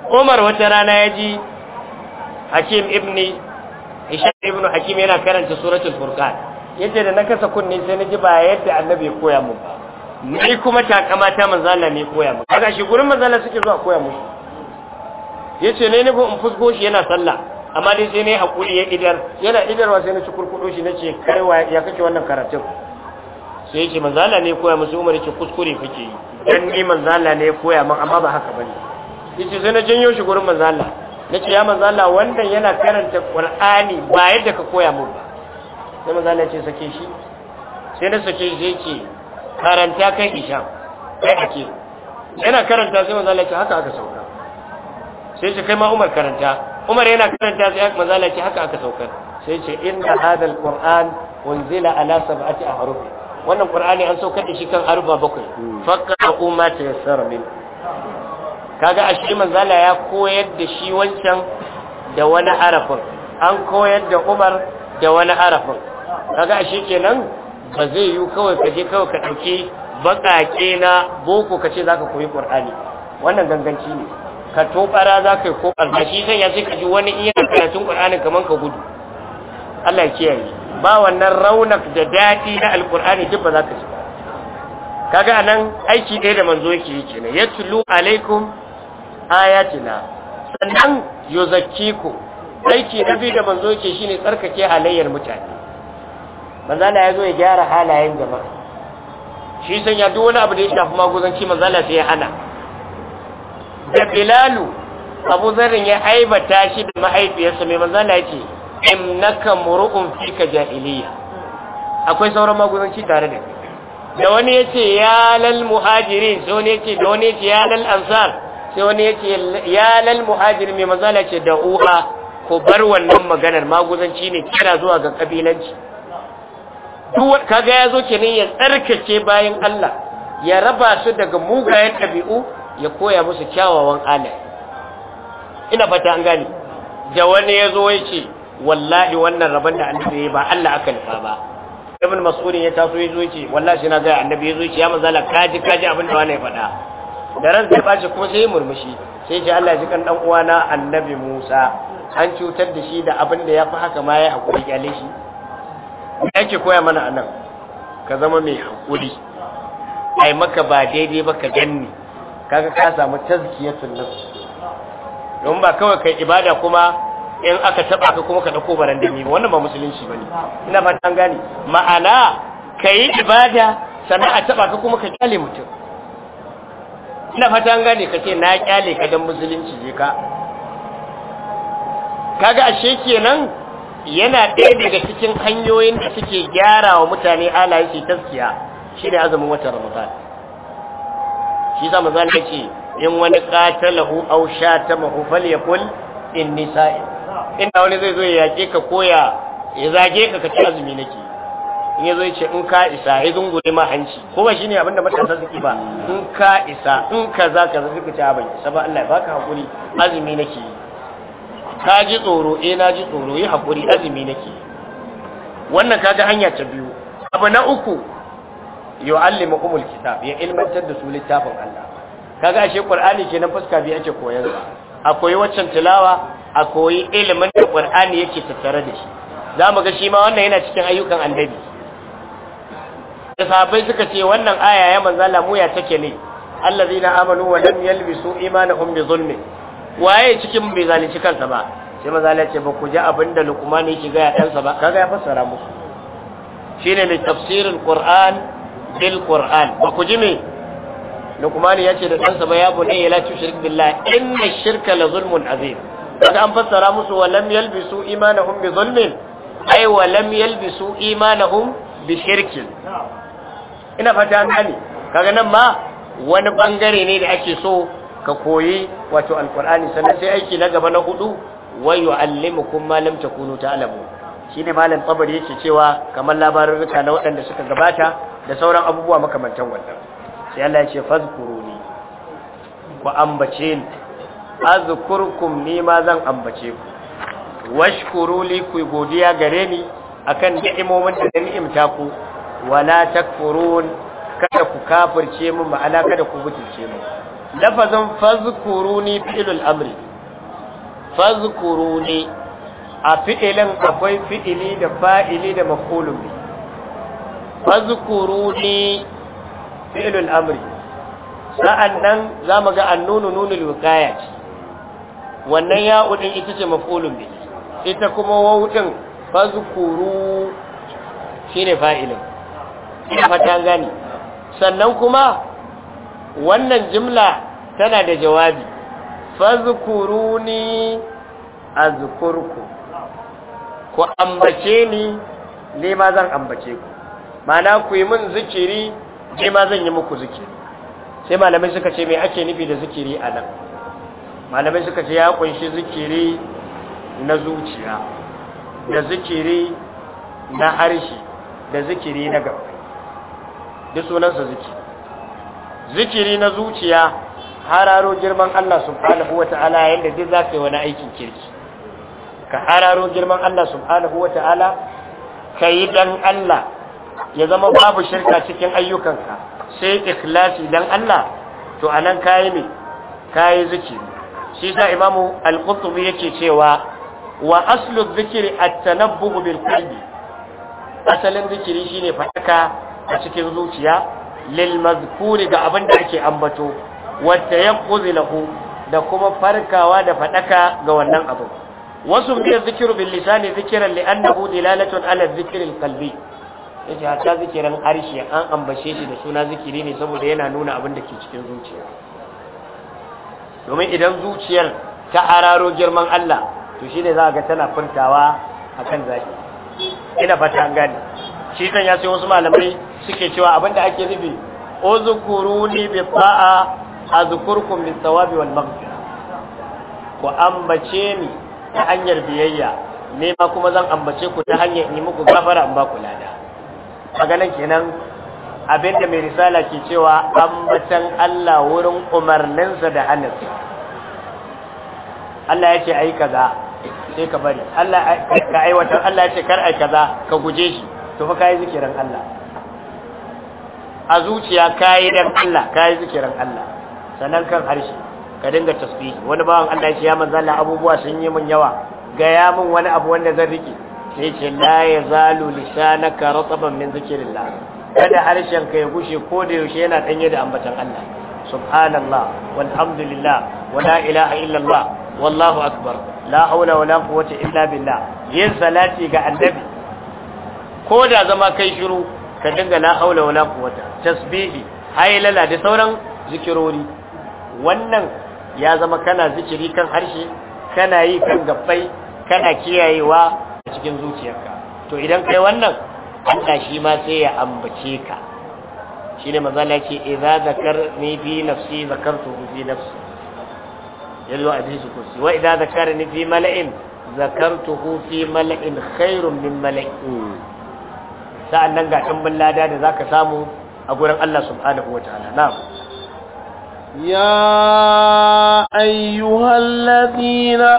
Umar wata rana ya ji hakim ibni ishaq ibnu hakim yana karanta suratul furqan yace da na kasa kunne sai na ji ba yadda annabi ya koya mu ba ni kuma ta ta manzo Allah ne koya mu kaga shi gurin manzo Allah suke zuwa koya musu yace ne ne ko in fusgo shi yana sallah amma dai sai ne hakuri ya idar yana idarwa sai na ci kurkudo shi nace wa ya kake wannan karatun sai yace manzo Allah ne koya su Umar yace kuskure kake yi dan ni manzo Allah ne koya mu amma ba haka bane yace sai na janyo shi gurin manzo Allah na ce ya manzo Allah wannan yana karanta Qur'ani ba yadda ka koya mu ba sai manzo Allah ya ce sake shi sai na sake shi yake karanta kai isha kai ake yana karanta sai manzo Allah ya ce haka aka sauka sai ce kai ma Umar karanta Umar yana karanta sai manzo Allah ya ce haka aka sauka sai ce inna na al-Qur'an unzila ala sab'ati ahruf wannan Qur'ani an saukar da shi kan arba bakwai hmm. faqra umma tayassara min kaga ashe manzala ya koyar da shi wancan da wani arafin an koyar da Umar da wani arafin kaga ashe kenan ba zai yi kawai kaje kawai ka ɗauki bakake na boko kace zaka koyi Qur'ani wannan ganganci ne ka tobara zaka yi ko albashi sai ya ce ka ji wani iya karatun Qur'ani kaman ka gudu Allah ya kiyaye ba wannan raunak da daɗi na alqur'ani duk ba za ci. ji kaga anan aiki ɗaya da manzo yake yi kenan yatlu alaikum ayatina sannan yuzakkiku aiki na biyu da manzo yake shine tsarkake halayyar mutane manzo Allah ya zo ya gyara halayen jama'a shi san ya duk wani abu da ya shafi maguzanci manzo Allah sai ya hana da Bilalu Abu zarin ya aibata shi da mahaifiyarsa mai manzo Allah yake innaka muru'un fika jahiliya akwai sauran maguzanci tare da da wani yace ya lal muhajirin sai wani yace da wani yace ya lal ansar sai wani ya ce ya lal muhajir mai mazala ce da u'a ko bar wannan maganar maguzanci ne kira zuwa ga kabilanci kaga ya zo kenan ya tsarkace bayan Allah ya raba su daga mugayen ɗabi'u ya koya musu kyawawan ala ina fata an gane da wani ya zo ya ce wallahi wannan rabon da annabi ba Allah aka nufa ba ibn mas'udin ya taso ya zo ya ce wallahi na ga annabi ya zo ya ce ya manzala kaji kaji abin da wani ya faɗa da ran zai bace kuma sai murmushi sai ce Allah ji kan dan uwana annabi Musa an cutar da shi da abin da yafi haka ma ya hakuri kyale shi yake koya mana anan ka zama mai hakuri ai maka ba daidai ba ka ganni kaga ka samu tazkiyatun nafs don ba kawai kai ibada kuma in aka taba ka kuma ka dauko barandami wannan ba musulunci bane ina fatan gane ma'ana kai ibada sannan a taba ka kuma ka kyale mutum ina fatan gane ka ce na kyale ka dan musulunci je ka kaga ashe kenan yana ɗaya daga cikin hanyoyin da suke gyara wa mutane alaye su taskiya shine azumin watan ramadan shi sa manzo ya ce in wani qatalahu aw shatamahu falyakul in nisa'i inda wani zai zo ya yake ka koya ya zage ka ka ci azumi nake in yazo ya ce in ka isa ya zungure ma hanci ko ba shine abinda matasa suke ba in ka isa in kaza kaza suka ta ban isa Allah ya baka hakuri azumi nake yi ka ji tsoro eh na ji tsoro yi hakuri azumi nake yi wannan kaga hanya ta biyu abu na uku yu'allimukumul kitab ya ilmantar da su littafin Allah kaga ashe qur'ani kenan fuska biyu ake koyar sa a koyi waccan tilawa a koyi ilimin da qur'ani yake tattare da shi zamu ga shi ma wannan yana cikin ayyukan annabi sahabbai suka ce wannan aya ya manzo Allah mu ya take ne allazina amanu wa lam yalbisu imanahum bi zulmi waye cikin bai zalunci kansa ba sai manzo Allah ya ce ba ku ji abinda Luqman yake ga ɗansa ba kaga ya fassara musu shine mai tafsirin Qur'an bil Qur'an ba ku ji me Luqman ya ce da ɗansa ba ya bunayya la tushrik billah inna shirka la zulmun azim kaga an fassara musu wa lam yalbisu imanahum bi zulmin ai wa lam yalbisu imanahum bi shirkin ina fata an gane kaga nan ma wani bangare ne da ake so ka koyi wato alqur'ani sannan sai aiki na gaba na hudu wa yu'allimukum ma lam takunu ta'lamu shine malam tabari yake cewa kamar labarin rika na waɗanda suka gabata da sauran abubuwa makamantan wannan sai Allah ya ce fazkuruni ku ambace ni azkurkum ni ma zan ambace ku washkuruli ku godiya gare ni akan ni'imomin da ni'imta ku wala takfurun kada ku kafirce mu ma'ana kada ku butulce mu lafazin fazkuruni fi'lul amri fazkuruni a fi'ilin akwai fi'ili da fa'ili da maf'ulun bi fazkuruni fi'lul amri sa'annan zamu ga annunu nunul wiqaya wannan ya'u din ita ce maf'ulun bi ita kuma wawu din fazkuru shine fa'ilin ina fata gani sannan kuma wannan jimla tana da jawabi fazkuruni azkurku ku ambace ni ne ma zan ambace ku mana ku yi min zikiri ne ma zan yi muku zikiri sai malamai suka ce me ake nufi da zikiri a nan malamai suka ce ya kunshi zikiri na zuciya da zikiri na harshe da zikiri na gaba duk sunansa zikiri zikiri na zuciya hararo girman Allah subhanahu wata'ala yadda duk za ka yi wani aikin kirki ka hararo girman Allah subhanahu wata'ala ka yi dan Allah ya zama babu shirka cikin ayyukanka sai ikhlasi dan Allah to anan kayi ne kayi zikiri shi sa imamu al yake cewa wa aslu zikiri at-tanabbu bil qalbi asalin zikiri shine fadaka a cikin zuciya lil ga abin da ake ambato wata kuzi lahu da kuma farkawa da faɗaka ga wannan abu wasu biya zikiru bil lisani zikiran li annahu dilalatun ala zikri al qalbi yace haka zikirin harshe an ambace shi da suna zikiri ne saboda yana nuna abin da ke cikin zuciya domin idan zuciyar ta araro girman Allah to shine za a ga tana furtawa akan zaki ina fata an gane shi kan ya sai wasu malamai suke cewa abinda ake nufi uzkuruni bi ta'a azkurkum bi sawabi wal maghfira ku ambace ni ta hanyar biyayya ne ma kuma zan ambace ku ta hanyar ni muku gafara in ba ku lada maganan kenan abinda mai risala ke cewa ambatan Allah wurin umarninsa da hannunsa Allah ya ce ayi kaza sai ka bari Allah ka aiwatar Allah ya ce kar ai kaza ka guje shi to kayi zikirin Allah a zuciya kayi dan Allah kayi zikirin Allah sannan kan harshe ka dinga tasbihi wani bawan Allah ya manzo Allah abubuwa sun yi min yawa ga ya min wani abu wanda zan rike sai ce la yazalu lisanaka rataban min zikrillah kada harshen ka ya gushe ko da yaushe yana danye da ambatan Allah subhanallah walhamdulillah wala ilaha illallah wallahu akbar la haula wala quwwata illa billah yin salati ga annabi ko da zama kai shiru ka dinga la haula wala quwwata tasbihi haylala da sauran zikirori wannan ya zama kana zikiri kan harshe kana yi kan gabbai kana kiyayewa a cikin zuciyarka to idan kai wannan Allah shi ma sai ya ambace ka shine manzo Allah yake idza ni fi nafsi zakartu fi nafsi yallo hadisi kursi wa idza zakarni fi mala'in zakartuhu fi mala'in khairun min mala'in sa’an nan ga ɗanɓin lada da za ka samu a gurin Allah subhanahu wa ta’ala na mu. Ya ayyuhan ladina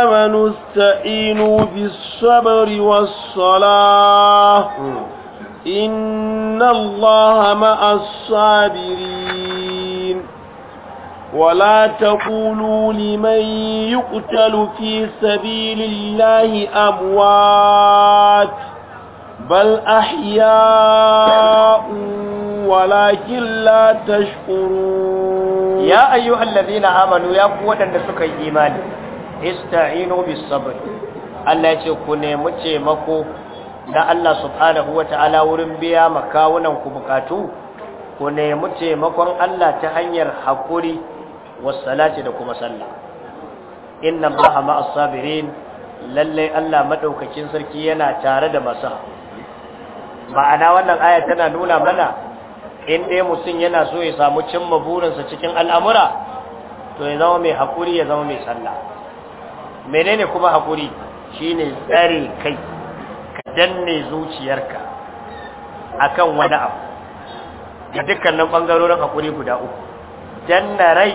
amanu sta’inu bi sabari wa sala, inna Allah ma’a sabirin, wala ta ƙulu liman yi ƙutalu fi sabi lillahi بل أحياء ولكن لا تشكرون يا أيها الذين آمنوا يا قوة النسك إيمان استعينوا بالصبر Allah ya ce ku nemi taimako na Allah subhanahu wa ta'ala wurin biya makawunan ku bukatu ku nemi taimakon Allah ta hanyar haƙuri wasalati da kuma sallah inna allaha ma'as sabirin lalle Allah madaukakin sarki yana tare da masu ma'ana wannan aya tana nuna mana in dai mutum yana so ya samu cimma burinsa cikin al'amura to ya zama mai haƙuri ya zama mai sallah menene kuma haƙuri shine tsare kai ka danne zuciyarka akan wani abu da dukkanin ɓangarorin haƙuri guda uku danna rai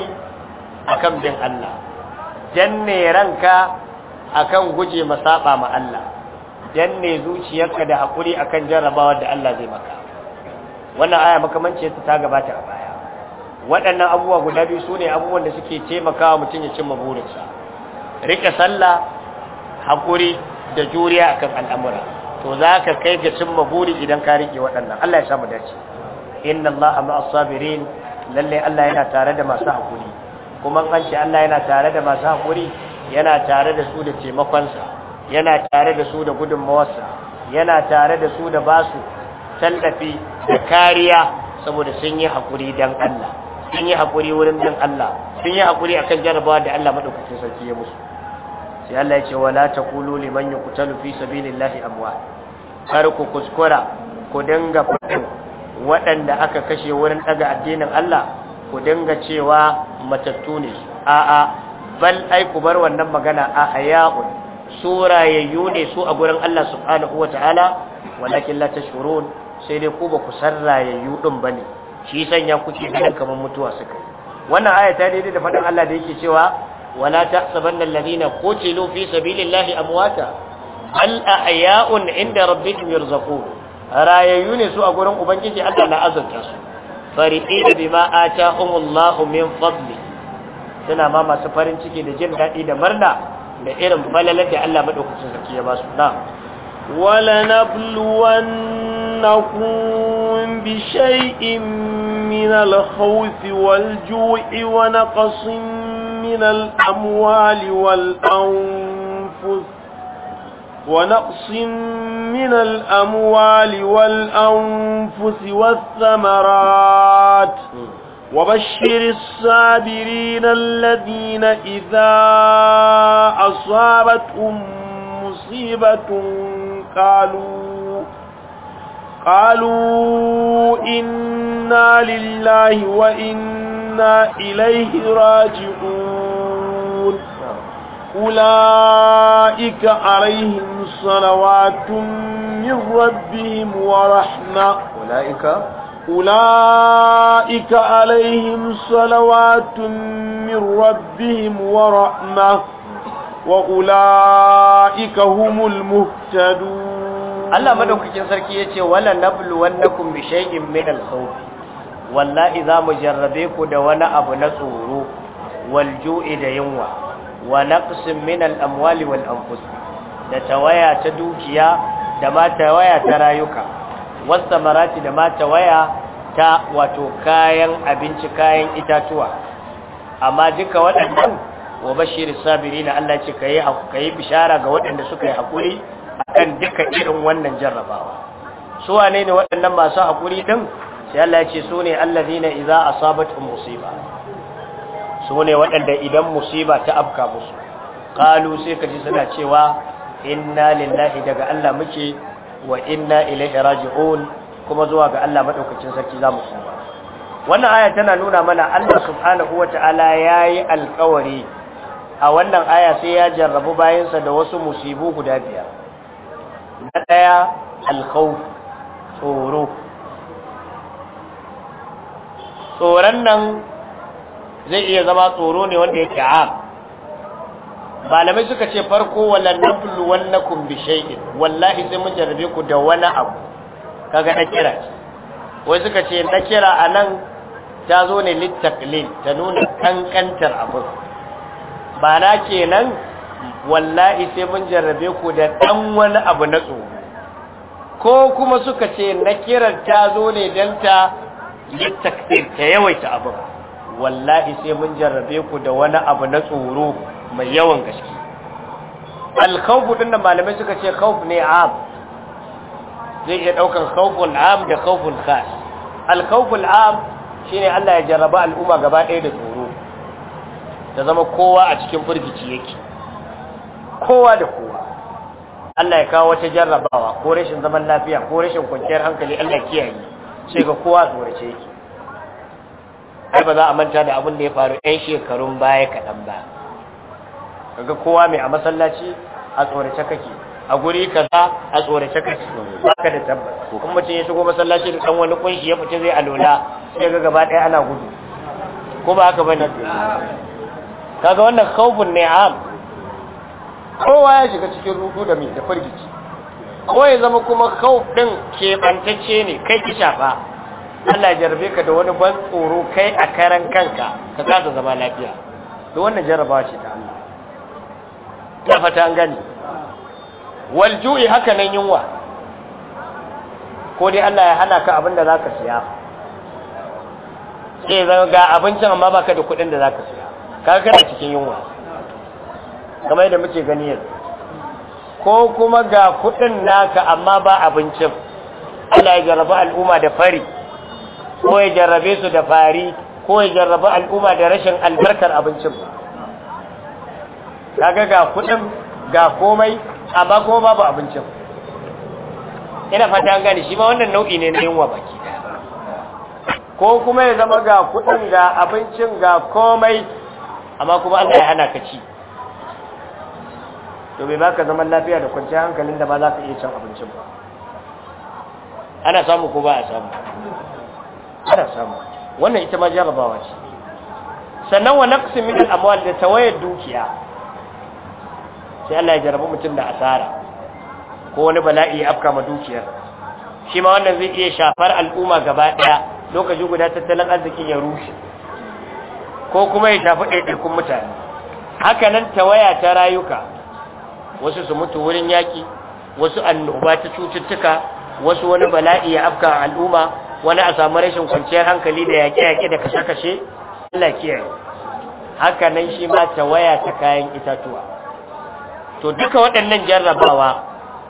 akan bin Allah danne ranka akan guje masaba ma Allah danne zuciyarka da hakuri akan jarrabawar da Allah zai maka wannan aya makamanci ta gabata a baya waɗannan abubuwa guda biyu sune abubuwan da suke taimakawa mutum ya cimma burinsa rike sallah hakuri da juriya akan al'amura to zaka kai ga cimma buri idan ka rike waɗannan Allah ya sa mu dace inna amma as sabirin lalle Allah yana tare da masu hakuri kuma an ce Allah yana tare da masu hakuri yana tare da su da taimakonsa yana tare da su da gudunmawarsa yana tare da su da basu tallafi da kariya saboda sun yi haƙuri don Allah sun yi haƙuri wurin bin Allah sun yi haƙuri akan jarabawa da Allah madaukakin sarki ya musu sai Allah ya ce wala taqulu liman yuqtalu fi sabilillahi amwa. kar ku kuskura ku dinga fatu waɗanda aka kashe wurin daga addinin Allah ku dinga cewa matattu ne a'a bal ai ku bar wannan magana a haya'un su rayayyu ne su a gurin Allah subhanahu ta'ala. walakin la sai dai ku ba ku san rayayyu din ne. shi sanya kuke gidan kamar mutuwa suka wannan aya ta daidai da faɗin Allah da yake cewa wala ko alladhina qutilu fi sabilillahi amwata bal ahya'un inda rabbihim yurzaqun rayayyu ne su a gurin ubangiji Allah na azurta su fari'ina bima atahumullahu min fadli suna ma masu farin ciki da jin daɗi da murna da irin falalar da Allah madaukakin sarki ya ba su na ولنبلونكم بشيء من الخوف والجوع ونقص من الأموال والأنفس ونقص من الأموال والأنفس والثمرات وبشر الصابرين الذين إذا أصابتهم مصيبة قالوا قالوا إنا لله وإنا إليه راجعون أولئك عليهم صلوات من ربهم ورحمة أولئك أولئك عليهم صلوات من ربهم ورحمة وأولئك هم المهتدون Allah madaukakin sarki yace wala nablu wannakum bi shay'in min al-khawf wallahi za mu jarrabe ku da wani abu na tsoro wal da yunwa wa naqsin min da tawaya ta dukiya da ma tawaya ta rayuka wasta marati da mata waya ta wato kayan abinci kayan itatuwa amma duka waɗannan wa bashir sabiri na Allah ce kai kai bishara ga waɗanda suka yi hakuri akan duka irin wannan jarrabawa su wane ne waɗannan masu hakuri din sai Allah ya ce su ne allazina idza asabatu musiba su ne waɗanda idan musiba ta afka musu Kalu sai ka ji suna cewa inna lillahi daga Allah muke wa inna ilaihi raji'un kuma zuwa ga Allah madaukakin sarki zamu koma wannan aya tana nuna mana Allah subhanahu wataala yayi alƙawari a wannan aya sai ya jarrabu bayansa da wasu musibu guda biyar na daya alkhawf tsoro tsoron nan zai iya zama tsoro ne wanda yake a'a malamai suka ce farko wala nablu wannakum bi shay'in wallahi sai mun jarrabe ku da wani abu kaga na kira wai suka ce na kira anan ta zo ne littaqlil ta nuna kankantar abu ba na kenan wallahi sai mun jarrabe ku da dan wani abu na tsoro ko kuma suka ce na kira ta zo ne dan ta littaqlil ta yawaita abu wallahi sai mun jarrabe ku da wani abu na tsoro mai yawan gaske alkhawfu ɗin nan malamai suka ce khawf ne am zai iya daukan khawful am da khawful khas alkhawful am shine Allah ya jarraba al'umma gaba ɗaya da tsoro ta zama kowa a cikin firgici yake kowa da kowa Allah ya kawo wata jarrabawa ko rashin zaman lafiya ko rashin kwanciyar hankali Allah kiyaye sai ga kowa tsorace yake ai ba za a manta da abin da ya faru ɗan shekarun baya kaɗan ba kaga kowa mai a masallaci a tsorace kake a guri kaza a tsorace kake baka da tabbas ko kuma mutum ya shigo masallaci da dan wani kunshi ya fita zai alola sai ga gaba daya ana gudu ko ba haka bane kaga wannan khaufun ne am kowa ya shiga cikin ruku da mai da firgici ko ya zama kuma khawf din kebantacce ne kai ki shafa Allah jarabe ka da wani ban tsoro kai a karan kanka ka kasa zama lafiya to wannan jarabawa ce ta Allah na fata an gani wal ju'i haka nan yunwa ko dai Allah ya hana ka abin da zaka siya sai eh, zan ga abincin amma baka da kuɗin da zaka siya kaga kana cikin yunwa kamar yadda muke gani yanzu ko kuma ga kuɗin naka amma ba abincin Allah ya jarraba al'umma da fari ko ya jarrabe su da fari ko ya jarraba al'umma da rashin albarkar abincin kaga ga kudin ga komai amma kuma babu abincin ina fata an gane shi ma wannan nau'i ne na yunwa baki ko kuma ya zama ga kudin ga abincin ga komai amma kuma Allah ya hana ka ci to bai baka zaman lafiya da kwanciyar hankalin da ba za ka iya cin abincin ba ana samu ko ba a samu ana samu wannan ita ma jarabawa ce sannan wa naqsin min al-amwal da tawayar dukiya sai Allah ya jarabi mutum da asara ko wani bala'i ya afka ma dukiyar shi ma wannan zai iya shafar al'umma gaba ɗaya lokaci guda tattalin arzikin ya rushe ko kuma ya shafi ɗaiɗaikun mutane haka nan waya ta rayuka wasu su mutu wurin yaƙi wasu annoba ta cututtuka wasu wani bala'i ya afka al'umma wani a samu rashin kwanciyar hankali da yaƙe-yaƙe da kashe-kashe Allah kiyaye haka nan shi ma waya ta kayan itatuwa to duka waɗannan jarrabawa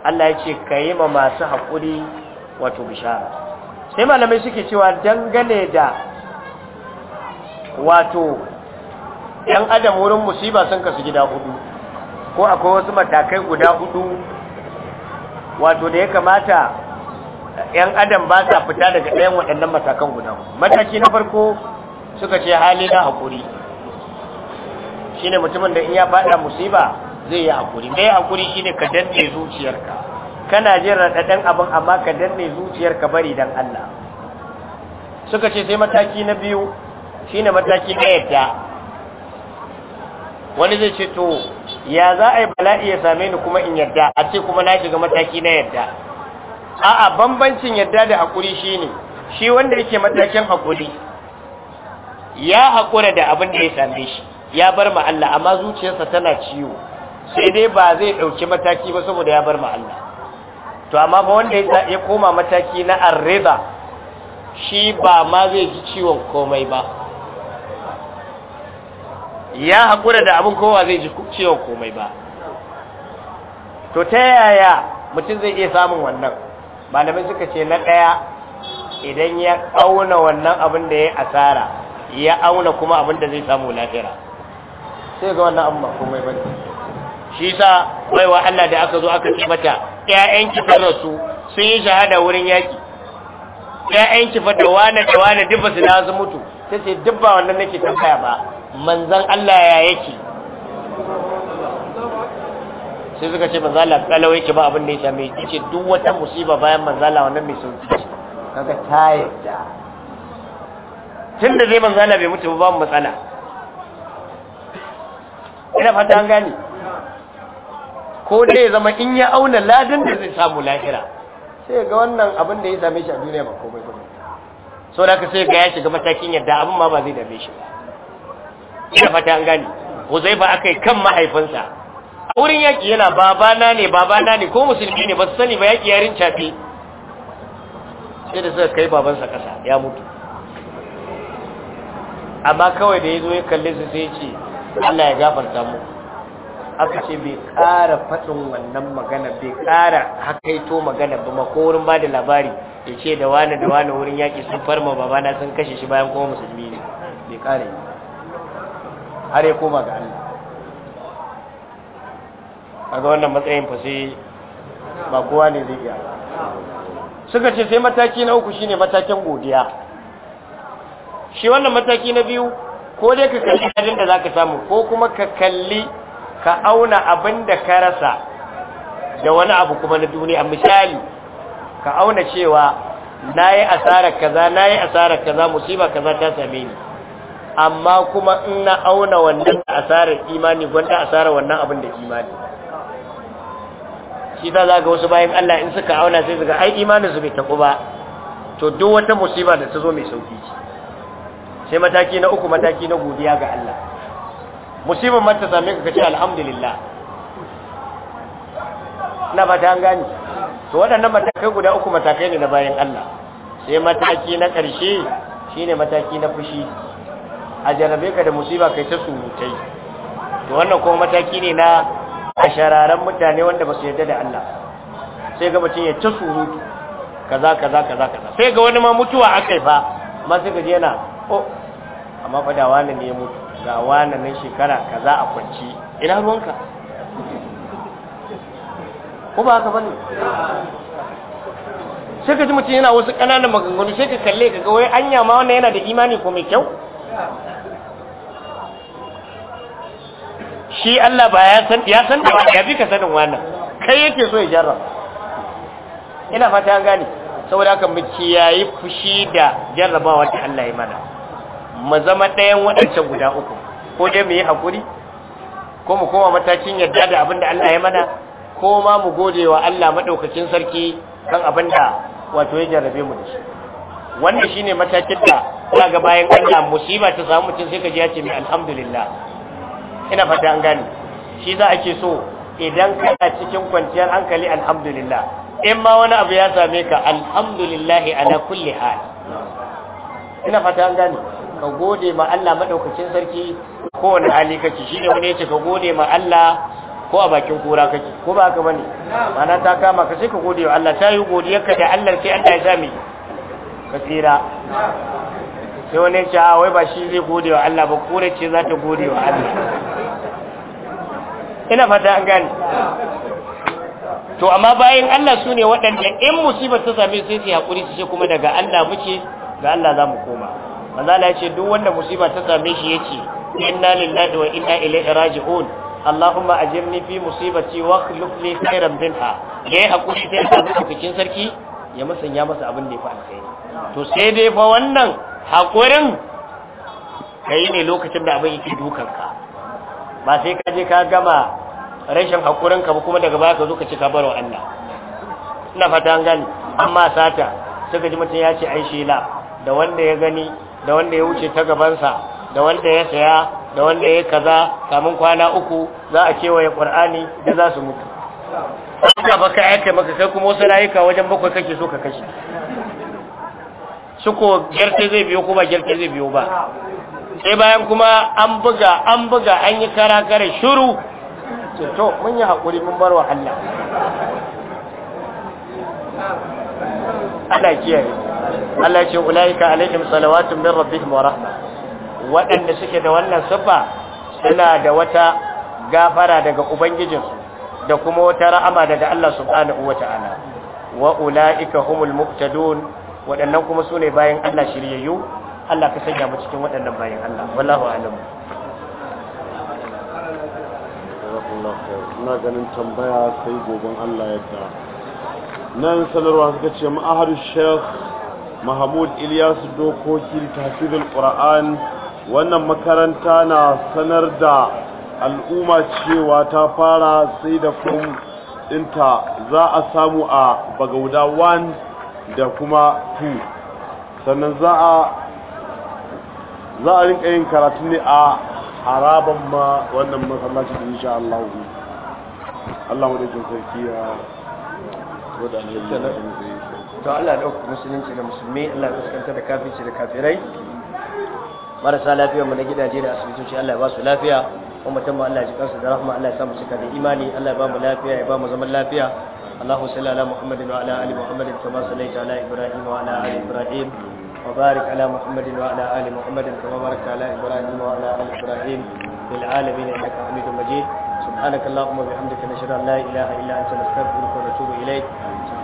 Allah ya ce ka yi ma masu haƙuri wato bishara sai malamai suke cewa dangane da wato ‘yan adam wurin musiba sun kasu gida hudu ko akwai wasu matakai guda hudu wato da ya kamata ‘yan adam ba sa fita daga ɗayan waɗannan matakan guda mataki na farko suka ce hali na haƙuri shi ne mutumin da in ya faɗa musiba zai yi hakuri mai hakuri shine ka danne zuciyarka kana jin raɗaɗin abin amma ka danne zuciyarka bari dan Allah suka ce sai mataki na biyu shine mataki na yadda wani zai ce to ya za a yi bala'i ya same ni kuma in yadda a ce kuma na shiga mataki na yadda a'a bambancin yadda da hakuri shine shi wanda yake matakin hakuri ya hakura da abin da ya same shi ya bar ma Allah amma zuciyarsa tana ciwo sai dai ba zai ɗauki mataki ba saboda ya bar ma'alla Allah to amma ba wanda ya koma mataki na arriba shi ba ma zai ji ciwon komai ba ya haƙura da abin kowa zai ji ciwon komai ba to ta yaya mutum zai iya samun wannan malamai suka ce na ɗaya idan ya auna wannan abin da ya asara ya auna kuma abin da zai samu lafira sai ga wannan abin ba komai ba ne shi sa baiwa Allah da aka zo aka ce mata ƴaƴanki ta rasu sun yi shahada wurin yaki ƴaƴanki fa da wani da wani duk ba su na su mutu tace duk ba wannan nake tambaya ba manzon Allah ya yake sai suka ce manzo Allah kalau yake ba abin da ya same shi ce duk wata musiba bayan manzo Allah wannan mai sauki kaga ta yadda tunda zai manzo Allah bai mutu ba mu matsala ina fata an gani. ko dai ya zama in ya auna ladan da zai samu lahira sai ga wannan abin da ya same shi a duniya ba komai ba so da ka sai ga ya shiga matakin yadda abin ma ba zai dame shi ina fata an gani Huzaifa akai kan mahaifinsa a wurin yaki yana babana ne babana ne ko musulmi ne ba su sani ba yaki yarin cafi sai da suka kai babansa kasa ya mutu amma kawai da ya zo ya kalle su sai ce Allah ya gafarta mu aka ce bai ƙara faɗin wannan magana bai ƙara hakaito magana ba ma ko wurin ba da labari ya ce da wani da wani wurin yaƙi sun farma babana sun kashe shi bayan kuma musulmi ne bai ƙara yi har ya koma ga Allah a ga wannan matsayin fa sai ba kowa ne zai iya suka ce sai mataki na uku shine matakin godiya shi wannan mataki na biyu ko dai ka kalli halin da zaka samu ko kuma ka kalli ka auna abin da ka rasa da wani abu kuma na duniya misali ka auna cewa na yi asarar kaza na yi asarar kaza musiba kaza ta same ni amma kuma in na auna wannan asarar imani gwanda asarar wannan abin da imani shi ta zaga ga wasu bayan Allah in suka auna sai zaga ai imanin su bai taɓu ba to duk wata musiba da ta zo mai sauki ce sai mataki na uku mataki na godiya ga Allah Musibin man ta same ka kace alhamdulillah na ba ta gani to waɗannan matakai guda uku matakai ne na bayan Allah sai mataki na ƙarshe shine mataki na fushi a jarabe ka da musiba kai ta surutai to wannan kuma mataki ne na ashararan mutane wanda ba su yarda da Allah sai ga mutum ya ta surutu kaza kaza kaza kaza sai ga wani ma mutuwa akai fa amma sai ga yana oh amma fa da ne ya mutu ga wani nan shekara ka za a kwanci ina ruwanka ko ba haka bane sai ka ji mutum yana wasu ƙananan maganganu sai ka kalle ka ga wai anya ma wannan yana da imani ko mai kyau shi Allah ba ya san ya san da ya fi ka sanin wannan kai yake so ya jarra ina fata an gane saboda haka mu kiyaye fushi da jarrabawa da Allah ya mana mu zama ɗayan waɗancan guda uku ko dai mu yi haƙuri ko mu koma matakin yadda da abin da Allah ya mana ko ma mu gode wa Allah maɗaukakin sarki kan abin da wato ya jarrabe mu da shi wannan shine matakin da za ga bayan Allah musiba ta samu mutum sai ka ji ya ce mai alhamdulillah ina fata an gane shi za a ke so idan kana cikin kwanciyar hankali alhamdulillah in ma wani abu ya same ka alhamdulillah ala kulli hal ina fata an gane ka gode ma Allah madaukakin sarki wani hali kake shi ne wani yace ka gode ma Allah ko a bakin kura kake ko ba ka bane mana ta kama ka sai ka gode wa Allah tayi yi godiyarka da Allah sai Allah ya sami ka tsira sai wani yace a wai ba shi zai gode wa Allah ba kura ce za ta gode wa Allah ina fata an gane to amma bayan Allah su ne waɗanda in musibar ta same sai su haƙuri su ce kuma daga Allah muke ga Allah za mu koma manzala ya ce duk wanda musiba ta same shi yake inna lillahi wa inna ilaihi raji'un Allahumma ajirni fi musibati wa akhlif li khairan minha yayi hakuri sai ka zuwa cikin sarki ya musanya masa abin da ya fi alkhairi to sai dai fa wannan hakurin kai ne lokacin da abin yake dukanka ba sai ka je ka gama rashin hakurin ka ba kuma daga baya ka zo ka ci ka bar wa Allah ina fata an gani amma sata suka ji mutum ya ce ai da wanda ya gani da wanda ya wuce ta gabansa da wanda ya saya da wanda ya kaza kamun kwana uku za a kewaye ƙwar'ani da za su mutu ba baka aika maka kai kuma wasu rayuka wajen bakwai kake so ka kashe suko gerte zai biyo ko ba gerte zai biyo ba sai bayan kuma an buga an buga an yi kara kare shuru to mun yi haƙuri mun bar wa Allah Allah kiyaye Allah ce ulaika alaihim salawatun min rabbihim wa rahma waɗanda suke da wannan siffa suna da wata gafara daga ubangijin da kuma wata rahama daga Allah subhanahu wata'ala wa ulaika humul muqtadun waɗannan kuma sune bayan Allah shiryayyu Allah ka sanya mu cikin waɗannan bayan Allah wallahu a'lam ina ganin tambaya sai goben Allah ya ta nan sanarwa suka ce ma'ahadu sheikh mahmud ilyas dokokin tafizul qur'an wannan makaranta na sanar da al'umma cewa ta fara sai da kum za a samu a bagauda 1 da kuma 2 sannan za a rinka yin karatu ne a haraban ma wannan masallaci insha Allah Allah mu da sarki ya to Allah ya ɗauka musulunci da musulmi Allah ya fuskanta da kafirci da kafirai marasa lafiya mu na gidaje da asibitoci Allah ya ba su lafiya kuma mutum Allah ya ji kansu da rahma Allah ya samu cika da imani Allah ya ba mu lafiya ya ba mu zaman lafiya اللهم صل على محمد وعلى ال محمد كما صليت على ابراهيم وعلى ال ابراهيم وبارك على محمد وعلى ال محمد كما باركت على ابراهيم وعلى ال ابراهيم في